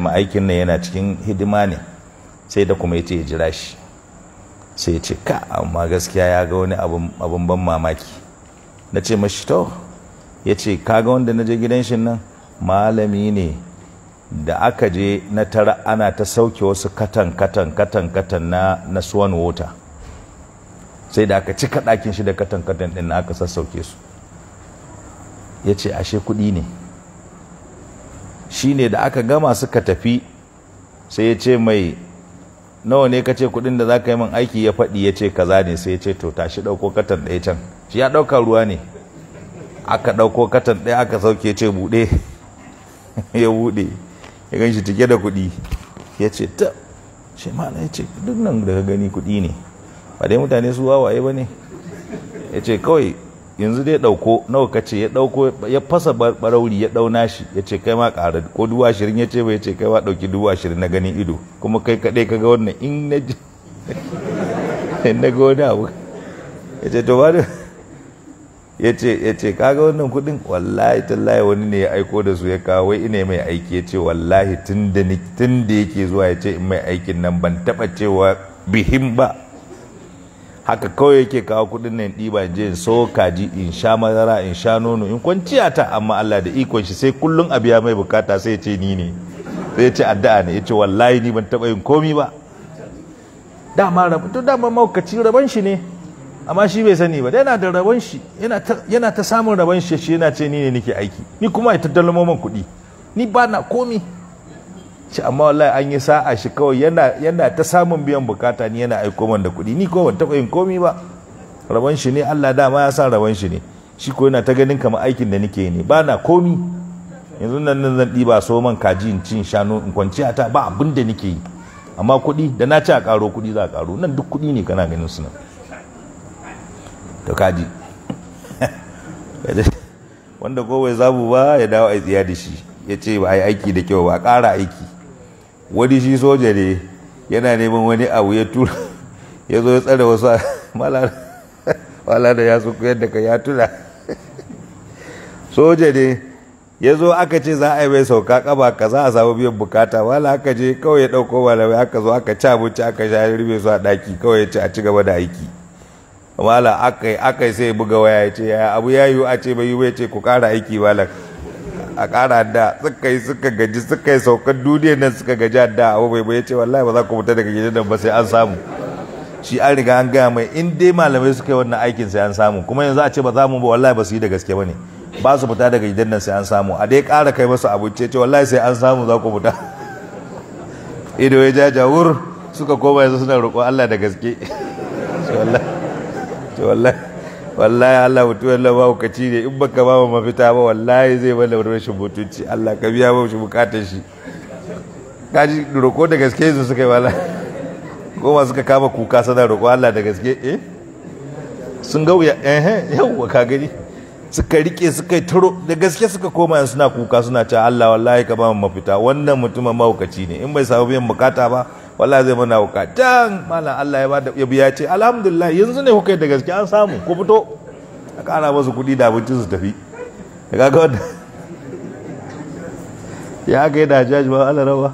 ma aikin nan yana cikin hidima ne sai da kuma yace ya jira shi sai ya ce ka amma gaskiya ya ga wani abun ban mamaki na ce mashi to ya ce kaga wanda na je gidan shi nan malami ne da aka je na tara ana ta sauke wasu katan katan katan katan na na swan water sai da aka cika ɗakin shi da katan katan ɗin na aka sassauke su ya ce ashe kuɗi ne shine da aka gama suka tafi sai ya ce mai nawa ne ka ce kuɗin da za ka yi min aiki ya faɗi ya ce kaza ne sai ya ce to tashi ɗauko katan ɗaya can shi ya ɗauka ruwa ne aka ɗauko katan ɗaya aka sauke ce buɗe ya buɗe ya gan shi cike da kuɗi ya ce ta shi ma na ya ce duk nan daga gani kuɗi ne ba dai mutane su wawaye ba ne ya ce kawai yanzu dai ɗauko nawa ka ce ya ɗauko ya fasa barauri ya ɗauna shi ya ce kai ma ƙara ko dubu ashirin ya ce ba ya ce kai ma ɗauki dubu ashirin na ganin ido kuma kai kaɗai ka ga wannan in na ji na ga wani abu ya ce to ba da ya ce ya ce ga wannan kuɗin wallahi tallahi wani ne ya aiko da su ya kawo wai ina mai aiki ya ce wallahi tun da yake zuwa ya ce in mai aikin nan ban taɓa cewa bihim ba haka kawai yake kawo kuɗin nan ɗiba je in so kaji in sha madara in sha nono in kwanciya ta amma Allah da ikon shi sai kullun a biya mai bukata sai ya ce ni ne sai ya ce addu'a ne ya ce wallahi ni ban taɓa yin komi ba dama rabu to dama maukaci rabon shi ne amma shi bai sani ba yana da rabon shi yana ta samun rabon shi shi yana ce ni ne nake aiki ni kuma ita tattalin kuɗi ni ba na komi ci amma wallahi an yi sa'a shi kawai yana ta samun biyan bukata ni yana aiko man da kuɗi ni ko ban taɓa yin komi ba rabon shi ne Allah dama ya san rabon shi ne shi ko yana ta ganin kamar aikin da nake ne ba na komi yanzu nan nan zan ɗiba so man kaji in cin shanu in kwanci ta ba abin da nake yi amma kuɗi da na ci a ƙaro kuɗi za a ƙaro nan duk kuɗi ne kana ganin su nan to kaji wanda kowai zabu ba ya dawo a tsiya da shi ya ce ba a yi aiki da kyau ba a ƙara aiki wani shi soja ne yana neman wani abu ya tura ya zo ya tsara wasu malada ya suku yadda ka ya tuna soja ne ya zo aka ce za a yi mai sauka kaba ka za a samu biyan bukata wala aka je kawai ya ɗauko malamai aka zo aka ci abinci aka sha ya rube su a ɗaki kawai ya ci a ci gaba da aiki wala aka yi sai buga waya ya ce abu ya yiwu a ce bai yiwu ya ce ku ƙara aiki malam a ƙara da suka yi suka gaji suka yi saukar duniya nan suka gaji da abu bai bai ce wallahi ba za ku fita daga gidan nan ba sai an samu shi an riga an gaya mai in dai malamai suka yi wannan aikin sai an samu kuma yanzu a ce ba za mu ba wallahi ba su yi da gaske ba ne ba su fita daga gidan nan sai an samu a dai ƙara kai masu abinci ce wallahi sai an samu za ku fita ido ya jaja wur suka koma yanzu suna roƙo Allah da gaske wallahi wallahi Allah mutum Allah ba ka ci ne in baka ba mafita ba wallahi zai bada rashin mutunci Allah ka biya ba shi bukatar shi kaji roko da gaske su suka yi wala ko ba suka kama kuka sana roko Allah da gaske eh sun gauya eh yawwa ka gani suka rike suka yi taro da gaske suka koma suna kuka suna cewa Allah wallahi ka ba mafita wannan mutumin mahaukaci ne in bai samu biyan bukata ba wallahi zai mana wuka can. malam Allah ya bada yabi ya ce alhamdulillah yanzu ne kuka yi da gaske an samu ku fito a kana masu kuɗi da abincin su tafi da kaga wanda ya kai da jaji ba Allah rawa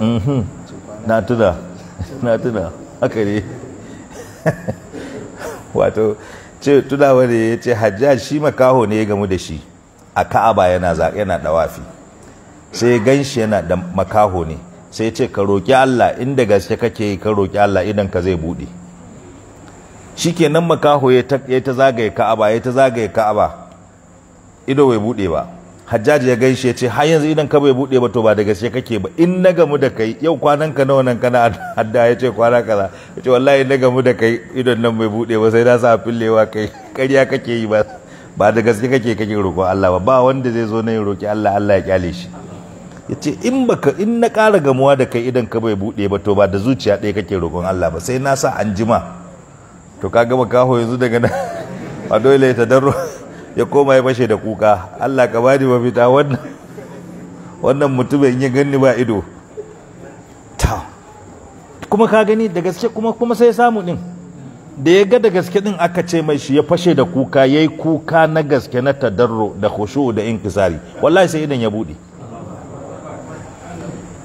mhm. na tuna na tuna haka ne wato ce tunawa da ya ce hajjaj shi makaho ne ya gamu da shi a ka'aba yana yana dawafi sai gan shi yana da makaho ne sai ce ka roƙi Allah inda gaske kake ka roƙi Allah idan ka zai buɗe shikenan makaho ya ta zagaye ka'aba ya ta zagaye ka'aba ido bai buɗe ba hajjaji ya gaishe ya ce har yanzu idan ka bai bude ba to ba da gaske kake ba in na gamu da kai yau kwanan ka nawa nan kana hadda ya ce kwana kaza ya ce wallahi na gamu da kai idan nan bai bude ba sai na sa fillewa kai ƙarya kake yi ba ba da gaske kake kake roƙo Allah ba ba wanda zai zo na yin roƙi Allah Allah ya kyale shi ya ce in baka in na ƙara gamuwa da kai idan ka bai bude ba to ba da zuciya ɗaya kake roƙon Allah ba sai na sa anjima to ka gama kaho yanzu daga nan a dole ta darro ya koma ya fashe da kuka Allah ka bani mafita wannan wannan mutumin ya ganni ba ido ta kuma ka gani da gaske kuma kuma sai samu din da ya ga da gaske din aka ce mai shi ya fashe da kuka yayi kuka na gaske na tadarru da khushu da inkisari wallahi sai idan ya bude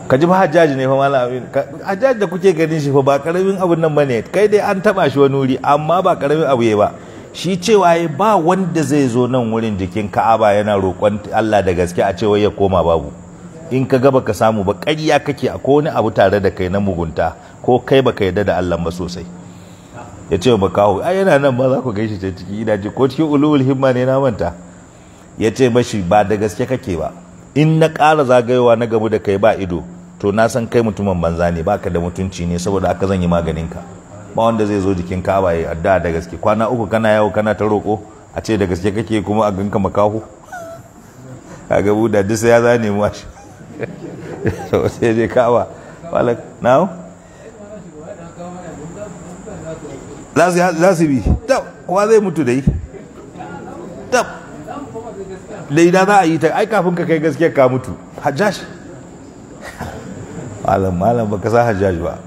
ka ji ba hajjaji ne fa malam amin hajjaji da kuke ganin shi fa ba karamin abun nan bane kai dai an taba shi wani wuri amma ba karamin abu yayi ba shi cewa ya ba wanda zai zo nan wurin jikin ka'aba yana roƙon Allah da gaske a cewa ya koma babu in ka gaba ka samu ba ƙarya kake a ko abu tare da kai na mugunta ko kai baka yarda da Allah ba sosai ya ce ba kawo ai yana nan ba za ku gaishe ta ciki ina ji ko cikin ulul himma ne na manta ya ce mashi ba da gaske kake ba in na ƙara zagayowa na gabu da kai ba ido to na san kai mutumin banza ne baka da mutunci ne saboda aka zan yi maganinka ba wanda zai zo jikin kaba ya adda da gaske kwana uku kana yawo kana ta roko a ce da gaske kake kuma a ganka makahu a buda duk sai ya zane mu shi so sai dai kawa malak now za su bi tab kowa zai mutu dai tab dai da za a yi ta ai kafin ka kai gaske ka mutu hajjash malam malam baka sa hajjaj ba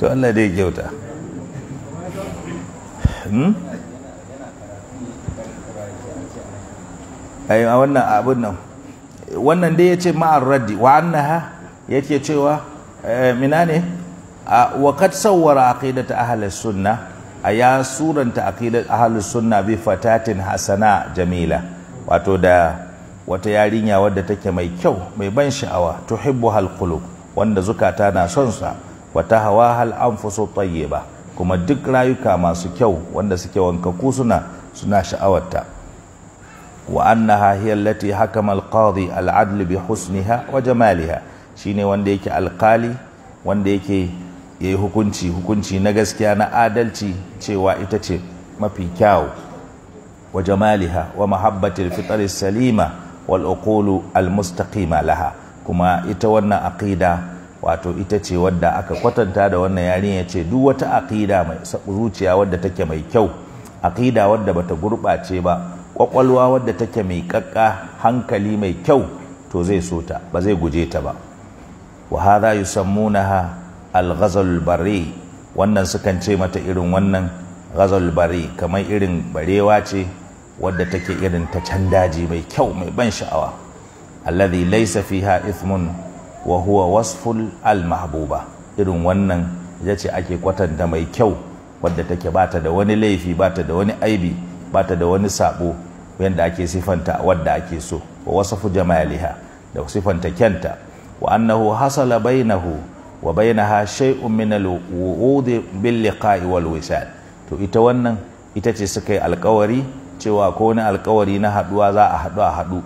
to Allah dai kyauta hmm? ai a wannan abun wannan dai yace ma'ar raddi wa annaha yake cewa eh, mina ne wa kad sawwara aqidata ahli sunna aya suranta aqidat ahli sunna bi fatatin hasana jamila wato da wata yarinya wadda take mai kyau mai ban sha'awa tuhibbu halkulu wanda zukata na son sa wa tahwaha al-anfusu ba kuma duk rayuka masu kyau wanda suke wankaku suna suna sha'awarta wa annaha hiya allati hakama al-qadi bi husniha wa jamaliha shine wanda yake alkali wanda yake yayi hukunci hukunci na gaskiya na adalci cewa ita ce mafi kyau wa jamaliha wa mahabbatil fitar salima wal uqulu al-mustaqima laha kuma ita wannan aqida wato ita ce wadda aka kwatanta da wannan yarinya ce duk wata aƙida mai zuciya wadda take mai kyau aƙida wadda bata gurɓace ba ƙwaƙwalwa wadda take mai ƙaƙƙa hankali mai kyau to zai so ta ba zai guje ta ba wa hadha yusammunaha al-ghazal bari wannan sukan ce mata irin wannan ghazal bari kamar irin barewa ce wadda take irin ta can daji mai kyau mai ban sha'awa alladhi laysa fiha ithmun wa huwa wasful al mahbuba irin wannan ita ce ake kwatanta mai kyau wadda take bata da wani laifi bata da wani aibi bata da wani sabo yadda ake sifanta wadda ake so wa wasafu jamaliha da sifanta kyanta wa annahu hasala bainahu wa bainaha shay'un min al-wu'ud bil liqa'i wal wisal to ita wannan ita ce suka yi alkawari cewa ko wani alkawari na haduwa za a haɗu a haɗu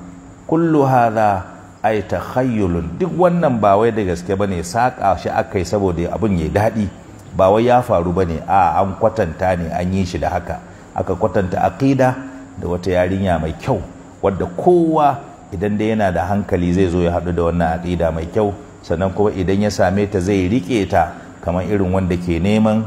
kullu hadha ai takhayyulun duk wannan ba wai da gaske bane saka shi akai saboda abun yayi daɗi ba wai ya faru bane a an kwatanta ne an yi shi da haka aka kwatanta aqida da wata yarinya mai kyau wadda kowa idan dai yana da hankali zai zo ya haɗu da wannan aqida mai kyau sannan kuma idan ya same ta zai rike ta kamar irin wanda ke neman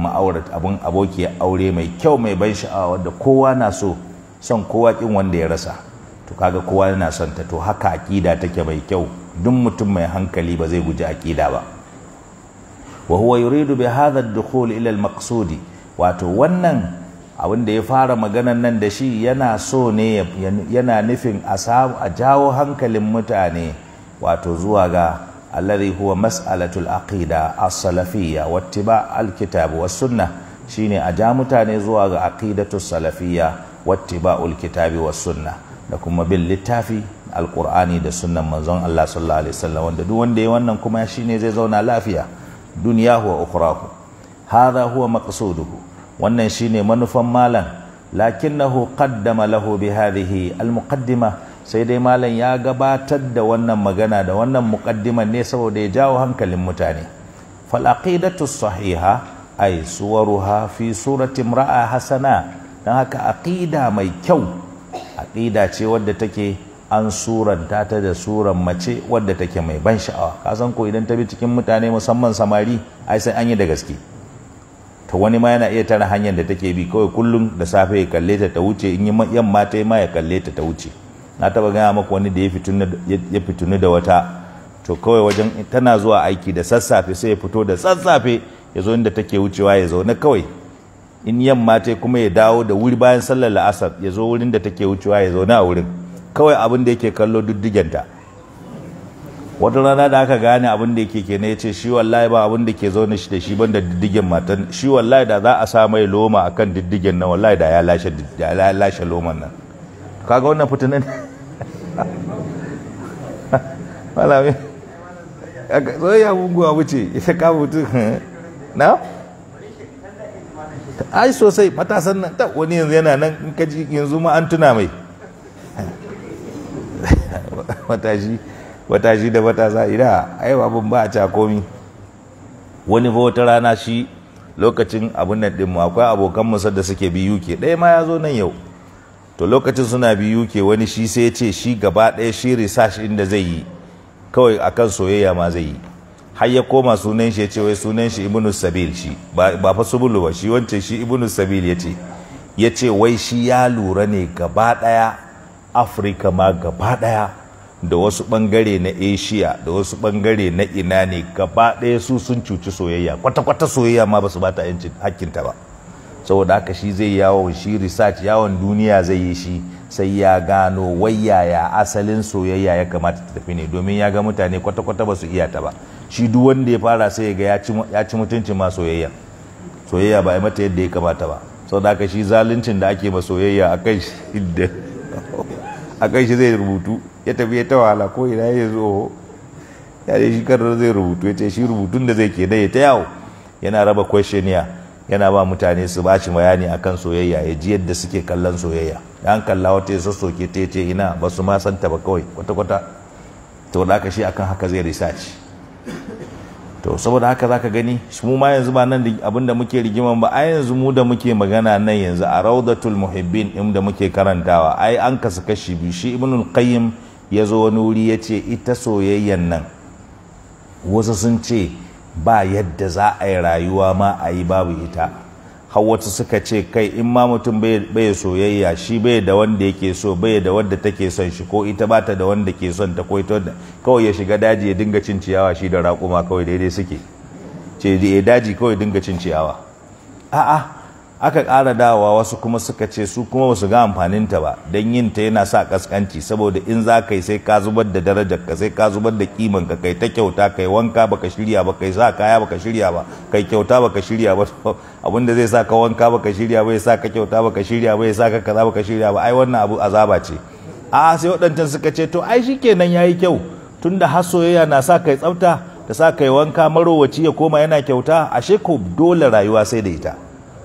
ma'aurat abun aboki aure mai kyau mai ban sha'awa wadda kowa na so son kowa kin wanda ya rasa to kaga kowa yana son ta to haka aqida take mai kyau duk mutum mai hankali ba zai guji aƙida ba wa huwa yuridu bi hadha ad-dukhul ila al-maqsudi wato wannan abin da ya fara maganan nan da shi yana so ne yana nufin a samu a jawo hankalin mutane wato zuwa ga alladhi huwa mas'alatul aqida as-salafiyya wattiba al-kitab wa sunnah shine a ja mutane zuwa ga aqidatus salafiyya wattiba'ul kitabi wa sunnah da kuma bin littafi alkur'ani da sunnan manzon Allah sallallahu alaihi wasallam wanda duk wanda ya wannan kuma shine zai zauna lafiya duniya huwa ukhrahu hadha huwa maqsuduhu wannan shine manufan malam lakinnahu qaddama lahu bi hadhihi almuqaddima sai dai malam ya gabatar da wannan magana da wannan muqaddiman ne saboda ya jawo hankalin mutane fal aqidatu sahiha ay suwaruha fi surati imra'a hasana dan haka aqida mai kyau aƙida ce wadda take an suranta ta da suran mace wadda take mai ban sha'awa kasan ko idan ta bi cikin mutane musamman samari ai sai an yi da gaske to wani ma yana iya tara hanyar da take bi kawai kullum da safe ya kalle ta ta wuce in yi yamma ta yi ma ya kalle ta ta wuce na taba gaya maka wani da ya fitunu da wata to kawai wajen tana zuwa aiki da sassafe sai ya fito da sassafe ya zo inda take wucewa ya zaune kawai in yamma ta kuma ya dawo da wuri bayan sallar la'asar ya zo wurin da take wucewa ya zauna a wurin kawai abin da yake kallo diddigenta wata rana da aka gane abin da yake kenan ya ce shi wallahi ba abin da ke zaune shi da shi ban da diddigen matan shi wallahi da za a sa mai loma akan diddigen nan wallahi da ya lashe ya lashe loman nan kaga wannan fitinan malami mutum na ai sosai matasan nan ta wani yanzu yana nan in ka ji yanzu ma an tuna mai matashi matashi da matasa ida ai abin ba a ca komi wani ba wata rana shi lokacin abin nan din akwai abokan musa da suke biyu ke ɗaya ma ya zo nan yau to lokacin suna bi UK wani shi sai ya ce shi gaba ɗaya shi research inda zai yi kawai akan soyayya ma zai yi har ya koma sunan shi ya ce wai sunan shi ibnu sabil shi ba fa subulu ba shi wancan shi ibnu sabil ya ce ya ce wai shi ya lura ne gaba daya afirka ma gaba daya da wasu bangare na asia da wasu bangare na ina ne gaba daya su sun cuci soyayya kwata-kwata soyayya ma ba su ba ta yancin hakkinta ba saboda haka shi zai yawon shi research yawon duniya zai yi shi sai ya gano wai yaya asalin soyayya ya kamata ta tafi ne domin ya ga mutane kwata-kwata ba su iya ta ba shi duk wanda ya fara sai ga ya ci mutuncin ma soyayya soyayya ba a mata yadda ya kamata ba sau da aka shi zaluncin da ake ma soyayya a kan shi zai rubutu ya tafi ya ta ko ina ya zo ya ce shi karar zai rubutu ya ce shi rubutun da zai ke dai ta yawo yana raba questionnaire yana ba mutane su ba shi bayani akan soyayya ya ji yadda suke kallon soyayya an kalla wata ya sassoke ta ce ina ba su ma santa ba kawai kwata-kwata to da akan haka zai research to saboda haka zaka gani mu ma yanzu ba nan abinda muke rigima ba ai yanzu mu da muke magana nan yanzu a raudatul muhibbin in da muke karantawa ai an kasu kashi biyu shi ibnul qayyim ya zo wani wuri ya ce ita soyayyan nan wasu sun ce ba yadda za a yi rayuwa ma a yi babu ita har wasu suka ce kai in ma mutum bai soyayya shi bai da wanda yake so bai da wanda take son shi ko ita bata da wanda ke son ta ko ita wanda kawai ya shiga daji ya dinga cin ciyawa shi da raƙuma kawai daidai suke ce ya daji kawai dinga cin ciyawa a'a aka ƙara dawowa wasu kuma suka ce su kuma su ga amfaninta ba don yin ta yana sa ƙasƙanci, saboda in za ka yi sai ka zubar da darajar ka sai ka zubar da kiman ka kai ta kyauta kai wanka baka shirya ba kai sa kaya baka shirya ba kai kyauta baka shirya ba abin da zai sa ka wanka baka shirya ba ya sa ka kyauta baka shirya ba ya sa ka kaza baka shirya ba ai wannan abu azaba ce a sai waɗancan suka ce to ai shikenan yayi kyau tunda har soyayya na sa kai tsafta ta sa kai wanka marowaci ya koma yana kyauta ashe ko dole rayuwa sai da ita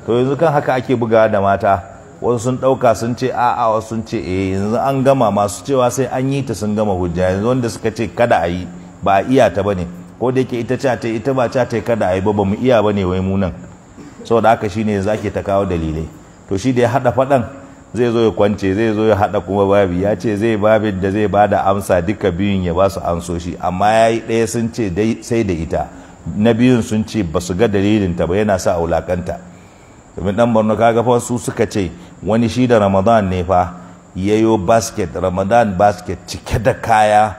to yanzu kan haka ake buga da mata wasu sun ɗauka sun ce a'a wasu sun ce eh yanzu an gama masu cewa sai an yi ta sun gama hujja yanzu wanda suka ce kada a yi ba a iya ta bane ko da yake ita ce ita ba ce ta kada a yi ba ba mu iya bane wai mu nan saboda haka shine yanzu ake ta kawo dalilai to shi da ya haɗa faɗan zai zo ya kwance zai zo ya haɗa kuma babi ya ce zai babi da zai bada amsa duka biyun ya ba su amsoshi amma ya yi ɗaya sun ce sai da ita na biyun sun ce ba su ga dalilin ta ba yana sa a wulakanta. domin dan borno kaga fa su suka ce wani shi da ramadan ne fa yayo basket ramadan basket cike da kaya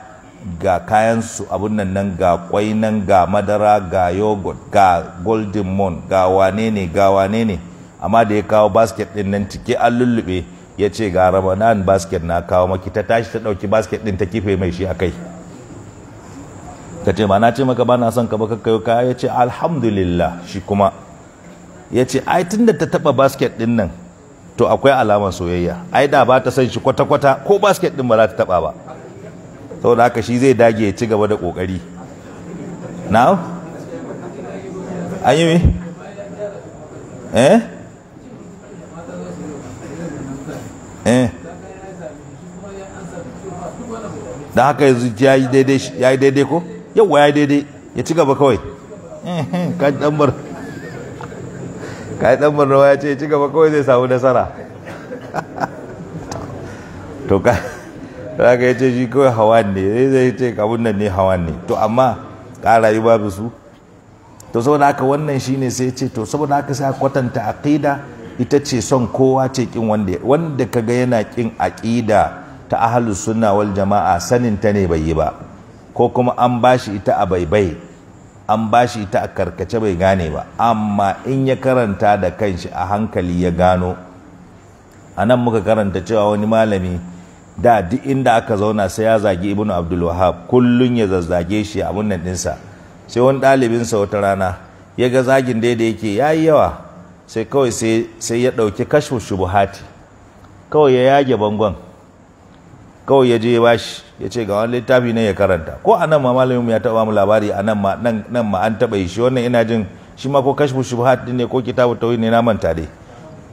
ga kayan su abun nan ga kwai nan ga madara ga yogurt ga golden moon ga wane ne ga wane ne amma da ya kawo basket din nan cike an lullube ya ce ga ramadan basket na kawo maki ta tashi ta dauki basket din ta kife mai shi akai ka ce ba na ce maka ba na son ka ba kakkayo kaya ya ce alhamdulillah shi kuma ya ce ai tun da ta taba basket din nan to akwai alamar soyayya ai da ba ta san shi kwata-kwata ko basket din ba za ta taba ba saboda haka shi zai dage ya ci gaba da kokari now an yi eh eh da haka yanzu ya yi daidai ko wa ya yi daidai ya ci gaba kawai eh, eh, ka dan kai dan barnawa ya ce ci gaba kawai zai samu nasara to ka za ka ce shi kawai hawan ne eh, zai ce kabun nan ne hawan ne to amma ƙara yi babu su to saboda haka wannan shi ne sai ce to saboda haka sai kwatanta aqida ita ce son kowa ce kin wanda wanda kaga yana kin aqida ta ahlus sunna wal jamaa sanin ta ne bai yi ba ko kuma an bashi ita a baibai an ba shi ta a karkace bai gane ba amma in ya karanta da kanshi a hankali ya gano a nan muka karanta cewa wani malami da duk inda aka zauna sai ya zagi ibnu abdul kullum ya zazzage shi a nan dinsa sai wani ɗalibinsa wata rana ya ga zagin da yake ya yi yawa sai kawai sai ya ɗauki kashfu shubuhati kawai ya yage bangon kawai ya je ya bashi ya ce ga wani littafi ne ya karanta ko a nan ma malamin ya taɓa mu labari a nan ma nan ma an taɓa yi shi wannan ina jin shi ma ko kashfu shubhat ne ko kitabu tauhid ne na manta dai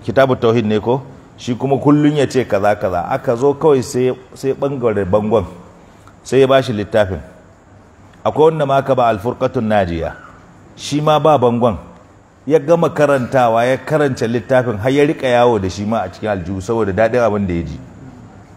kitabu tauhid ne ko shi kuma kullun ya ce kaza kaza aka zo kawai sai sai bangare bangon sai ya bashi littafin akwai wanda ma aka ba alfurqatun najiya shi ma ba bangon ya gama karantawa ya karanta littafin har ya rika yawo da shi ma a cikin aljihu saboda daɗin abin da ya ji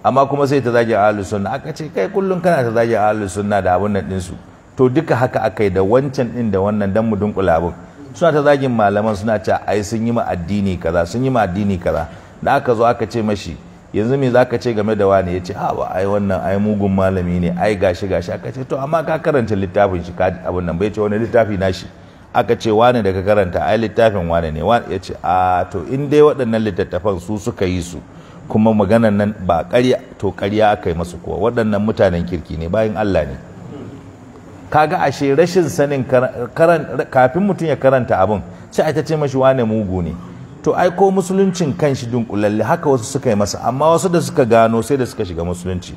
amma kuma sai ta zagi ahlus sunna aka ce kai kullum kana ta zagi ahlus sunna da abun nan ɗinsu to duka haka akai da wancan din da wannan dan mu dunkula abun suna ta zagin malaman suna ce ai sun yi ma addini kaza sun yi ma addini kaza da aka zo aka ce mashi yanzu me zaka ce game da wani ya ce a ba ai wannan ai mugun malami ne ai gashi gashi aka ce to amma ka karanta littafin shi ka abun nan bai ce wani littafi nashi aka ce wani da ka karanta ai littafin wani ne ya ce a to in dai waɗannan littattafan su suka yi su kuma maganan nan ba ƙarya to ƙarya aka yi masu kuwa waɗannan mutanen kirki ne bayan Allah ne kaga ashe rashin sanin kafin mutum ya karanta abin sai aka ce mashi wane mugu ne to ai ko musuluncin kanshi dunkulalle haka wasu suka yi masa amma wasu da suka gano sai da suka shiga musulunci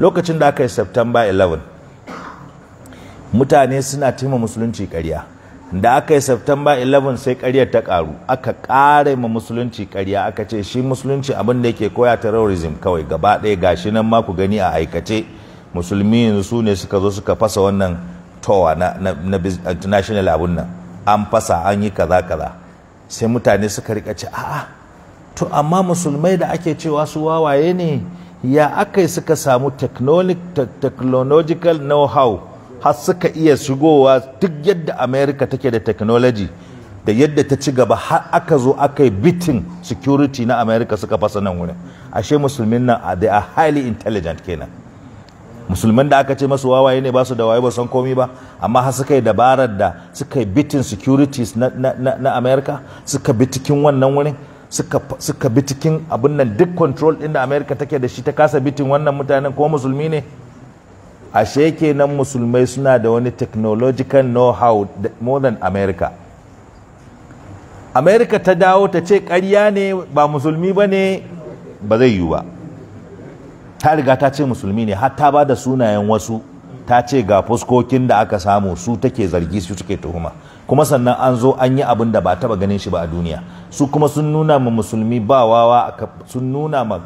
lokacin da aka yi September 11 mutane suna taima musulunci ƙarya da aka yi September 11 sai karyar ta karu aka ƙara ma musulunci karya aka ce shi musulunci abin da yake koya terrorism kawai gaba ɗaya gashi nan ma ku gani a aikace musulmi yanzu su ne suka zo suka fasa wannan towa na, na, international abun nan an fasa an yi kaza kaza sai mutane suka rika ce a'a to amma musulmai da ake cewa su wawaye ne ya aka suka samu technological know-how har suka iya shigowa duk yadda america take da technology da yadda ta ci gaba har aka zo aka yi bitin security na america suka fasa nan wurin ashe musulmin nan ah, they are highly intelligent kenan musulman da aka ce masu wawaye ne ba su da waye ba san komi ba amma har suka yi dabarar da suka yi bitin securities na, na, na, na america suka bi cikin wannan wurin suka bi cikin abin nan duk control ɗin da america take da shi ta kasa bitin wannan mutanen ko musulmi ne ashe kenan musulmai suna da wani technological know-how more than america america ta dawo ta ce karya ne ba musulmi ba ne ba zai yiwu ba ta riga ta ce musulmi ne hatta ba da sunayen wasu ta ce ga fuskokin da aka samu su take zargi su take tuhuma kuma sannan an zo an yi abin da ba taba ganin shi ba a duniya su kuma sun nuna ma musulmi ba wawa sun nuna ma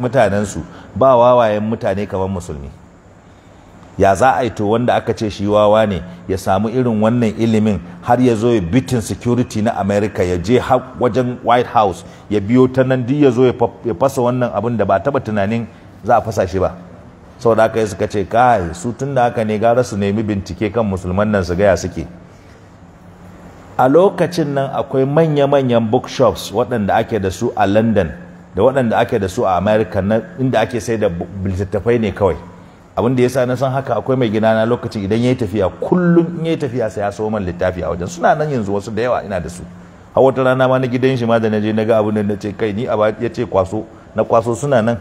mutanensu ba wawayen mutane kamar musulmi ya za a yi to wanda aka ce shi wawa ne ya samu irin wannan ilimin har ya zo ya bitin security na america ya je wajen white house ya biyo ta nan duk ya zo ya fasa wannan abin da ba taba tunanin za a fasa shi ba saboda haka yi suka ce kai su tun da haka ne gara su nemi bincike kan musulman nan su gaya suke a lokacin nan akwai manya-manyan bookshops waɗanda ake da su a london da waɗanda ake da su a america inda ake sai da littattafai ne kawai abin da ya sa na san haka akwai mai na lokacin idan ya yi tafiya kullum ya yi tafiya sai ya so man littafi a wajen suna nan yanzu wasu da yawa ina da su har wata rana ma na gidan shi ma da na je na ga abin da ce kai ni a ya ce kwaso na kwaso suna nan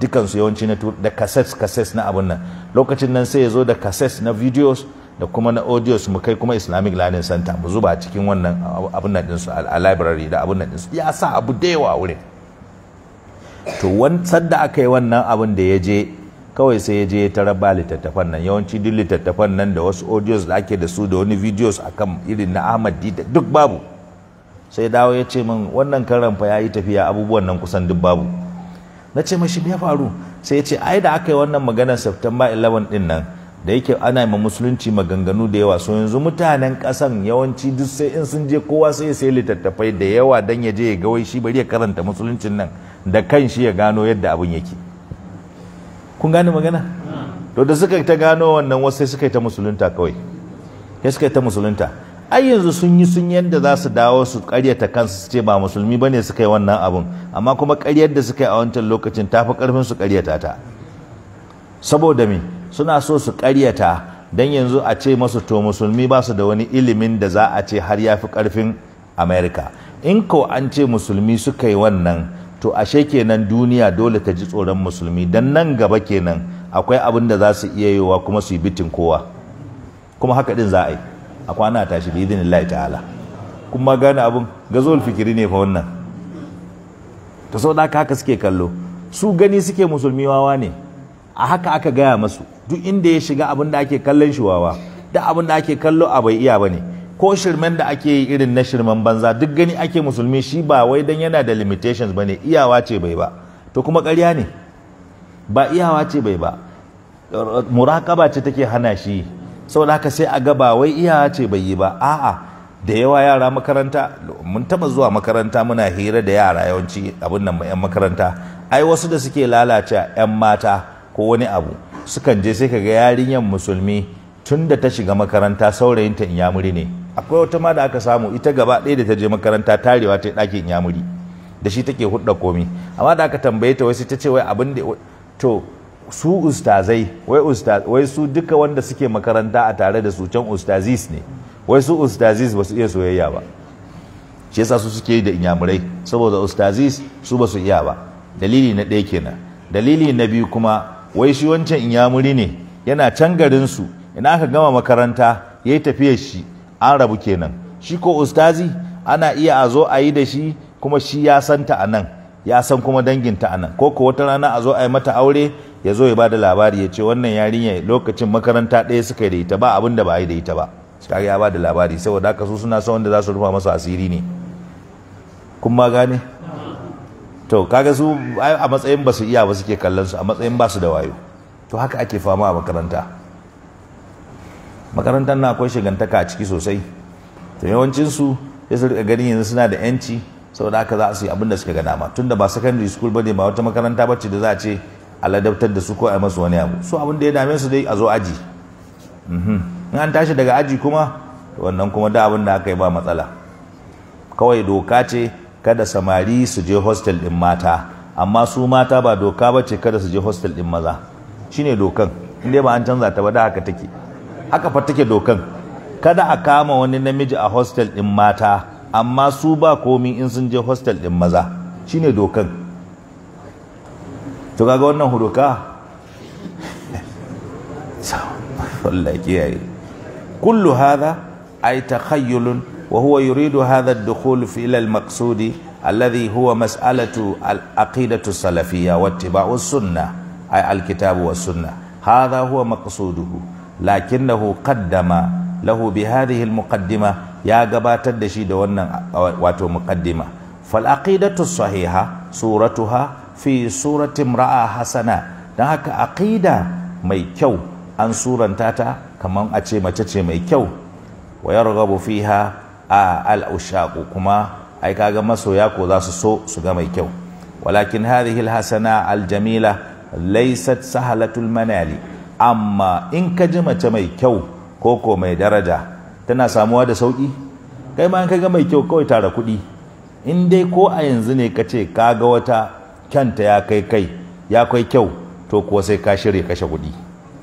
dukansu yawanci na da cassettes cassettes na abin nan lokacin nan sai ya zo da cassettes na videos da kuma na audios mu kai kuma islamic learning center mu zuba a cikin wannan abin nan ɗinsu a library da abin nan ɗinsu ya sa abu da yawa wurin to wancan da aka yi wannan abin da ya je kawai sai ya je ya tara ba littattafan nan yawanci duk littattafan nan da wasu audios da ake da su da wani videos akan irin na Ahmad Dita duk babu sai dawo ya ce min wannan karan fa yayi tafiya abubuwan nan kusan duk babu na ce mashi me ya faru sai ya ce ai da aka yi wannan maganar September 11 din nan da yake ana yi musulunci maganganu da yawa so yanzu mutanen kasan yawanci duk sai in sun je kowa sai sai littattafai da yawa dan ya je ya ga wai shi bari ya karanta musuluncin nan da kan shi ya gano yadda abun yake kun gane magana to da suka ta gano wannan wasu sai suka yi ta musulunta kawai ya suka ta musulunta ai yanzu sun yi sun yadda za su dawo su karyata kansu su ce ba musulmi bane suka yi wannan abun amma kuma karyar da suka yi a wancan lokacin tafi karfin su karyata ta saboda me suna so su karyata dan yanzu a ce masu to musulmi ba su da wani ilimin da za a ce har ya fi karfin america in ko an ce musulmi suka yi wannan to ashe kenan duniya dole ta ji tsoron musulmi dan nan gaba kenan akwai abin da za su iya yiwa kuma su yi bitin kowa kuma haka din za a yi a kwana tashi bi ta'ala kuma gane abin gazol fikiri ne fa wannan Ta sau da haka suke kallo su gani suke musulmi wawa ne a haka aka gaya masu duk inda ya shiga abin da ake kallon shi wawa da abin da ake kallo a bai iya ba ne ko shirmen da ake yi irin na shirmen banza duk gani ake musulmi shi ba wai dan yana da limitations bane iyawa ce bai ba to kuma ƙarya ne ba iyawa ce bai ba muraƙaba ce take hana shi saboda haka sai a ga ba wai iyawa ce bai yi ba a'a da yawa yara makaranta mun taba zuwa makaranta muna hira da yara yawanci abin nan yan makaranta ai wasu da suke lalace yan mata ko wani abu sukan je sai ka ga yarinyar musulmi tun da ta shiga makaranta saurayinta in ne akwai wata ma da aka samu ita gaba ɗaya da ta je makaranta tarewa ta yi ɗakin yamuri da shi take hudda komi amma da aka tambaye ta wai ta ce wai abin da to su ustazai wai su duka wanda suke makaranta a tare da su can ustazis ne wai su ustazis ba su iya soyayya ba shi yasa su suke da inyamurai saboda ustazis su ba su iya ba dalili na ɗaya kenan dalili na biyu kuma wai shi wancan inyamuri ne yana can garin su ina aka gama makaranta yayi tafiyar shi an rabu kenan shi ko ustazi ana iya a zo a yi da shi kuma shi ya san ta anan ya san kuma danginta anan ko ko wata rana a zo a yi mata aure ya zo ya ba da labari ya ce wannan yarinya lokacin makaranta ɗaya suka yi da ita ba abin da ba a yi da ita ba kaga ya ba da labari saboda haka su suna son wanda za su rufa masa asiri ne kun ma gane to kaga su a matsayin ba su iya ba suke kallon su a matsayin ba su da wayo to haka ake fama a makaranta makarantar na akwai shigantaka a ciki sosai to yawancinsu sai su rika ganin yanzu suna da yanci saboda haka za su yi abin da suka ga dama tunda ba secondary school bane ba wata makaranta bace da za a ce a ladabtar da su ko a masu wani abu su abin da ya dame su dai a zo aji mhm. in an tashi daga aji kuma wannan kuma da abin da aka yi ba matsala kawai doka ce kada samari su je hostel din mata amma su mata ba doka bace kada su je hostel din maza shine dokan in dai ba an canza ta ba da haka take haka fa take dokan kada a kama wani namiji a hostel din mata amma su ba komi in sun je hostel din maza shine dokan to kaga wannan huduka wallahi kiyaye kullu hadha ay takhayyulun wa huwa yuridu hadha ad-dukhul fi ila al-maqsudi alladhi huwa mas'alatu al-aqidatu salafiyya wa ittiba'u sunnah ay al-kitabu was sunnah hadha huwa maqsuduhu lakinnahu qaddama lahu bi hadhihi al-muqaddima ya gabatar da shi da wannan wato muqaddima fal aqidatu sahiha suratuha fi surati imra'a hasana dan haka aqida mai kyau an suranta ta kaman a ce mace ce mai kyau wa yarghabu fiha al-ushaqu kuma ai kaga masoya ko za su so su ga mai kyau walakin hadhihi al aljamila al-jamila laysat sahalatul manali amma in ka ji mace mai kyau ko ko mai daraja tana samuwa da sauki kai ma in ka ga mai kyau kawai tara kuɗi in dai ko a yanzu ne ka ce ka ga wata kyanta ya kai kai ya kai kyau to kuwa sai ka shirya kashe kuɗi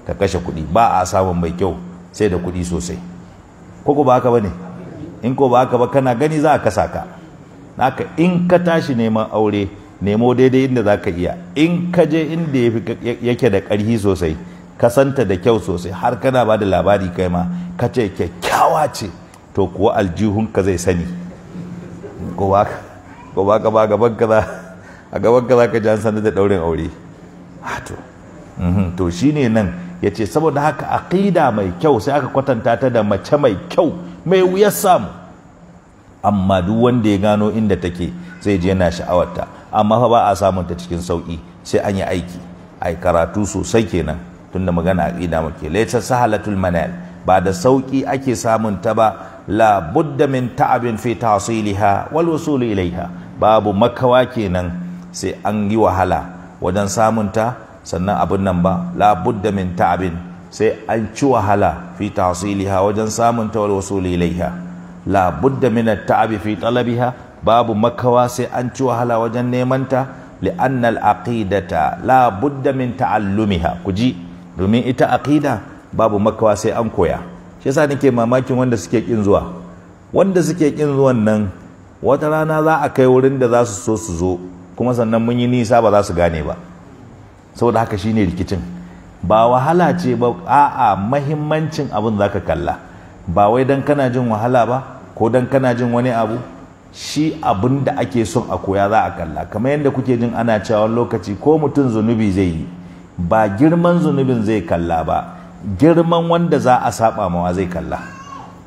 ka kashe kuɗi ba a samun mai kyau sai da kuɗi sosai ko ko ba haka ne in ko ba haka ba kana gani za a kasa ka naka in ka tashi neman aure nemo daidai inda za ka iya in ka je inda yake da ƙarfi sosai Kasanta da kyau sosai har kana ba da labari kai ma ka ce kyakkyawa ce to kuwa aljihunka zai sani ko ba ka ba a gaban ka za ka jan sanda da ɗaurin aure to mhm, to shine nan ya ce saboda haka aƙida mai kyau sai aka kwatanta ta da mace mai kyau mai wuya samu amma duk wanda ya gano inda take zai je yana sha'awarta amma fa ba a samunta cikin sauƙi sai an yi aiki a karatu sosai kenan tunda magana aqida muke laysa sahalatul manal ba da sauki ake samun ta ba la budda min ta'abin fi tahsiliha wal wusul ilaiha babu makawa kenan sai an yi wahala wajen samun ta sannan abin nan ba la budda min ta'abin sai an ci wahala fi tahsiliha wajen samun ta wal wusul ilaiha la budda min at-ta'abi fi talabiha babu makawa sai an ci wahala wajen neman ta li'anna al-aqidata la budda min ta'allumiha kuji domin ita aqida babu makawa sai an koya shi yasa nake mamakin wanda suke kin zuwa wanda suke kin zuwan nan wata rana za a kai wurin da za su so su zo kuma sannan mun yi nisa ba za su gane ba saboda haka shine rikicin ba wahala ce ba a'a mahimmancin abin zaka kalla ba wai dan kana jin wahala ba ko dan kana jin wani abu shi abin da ake son a koya za a kalla kamar yadda kuke jin ana cewa lokaci ko mutum zunubi zai yi ba girman zunubin zai kalla ba girman wanda za a saba mawa zai kalla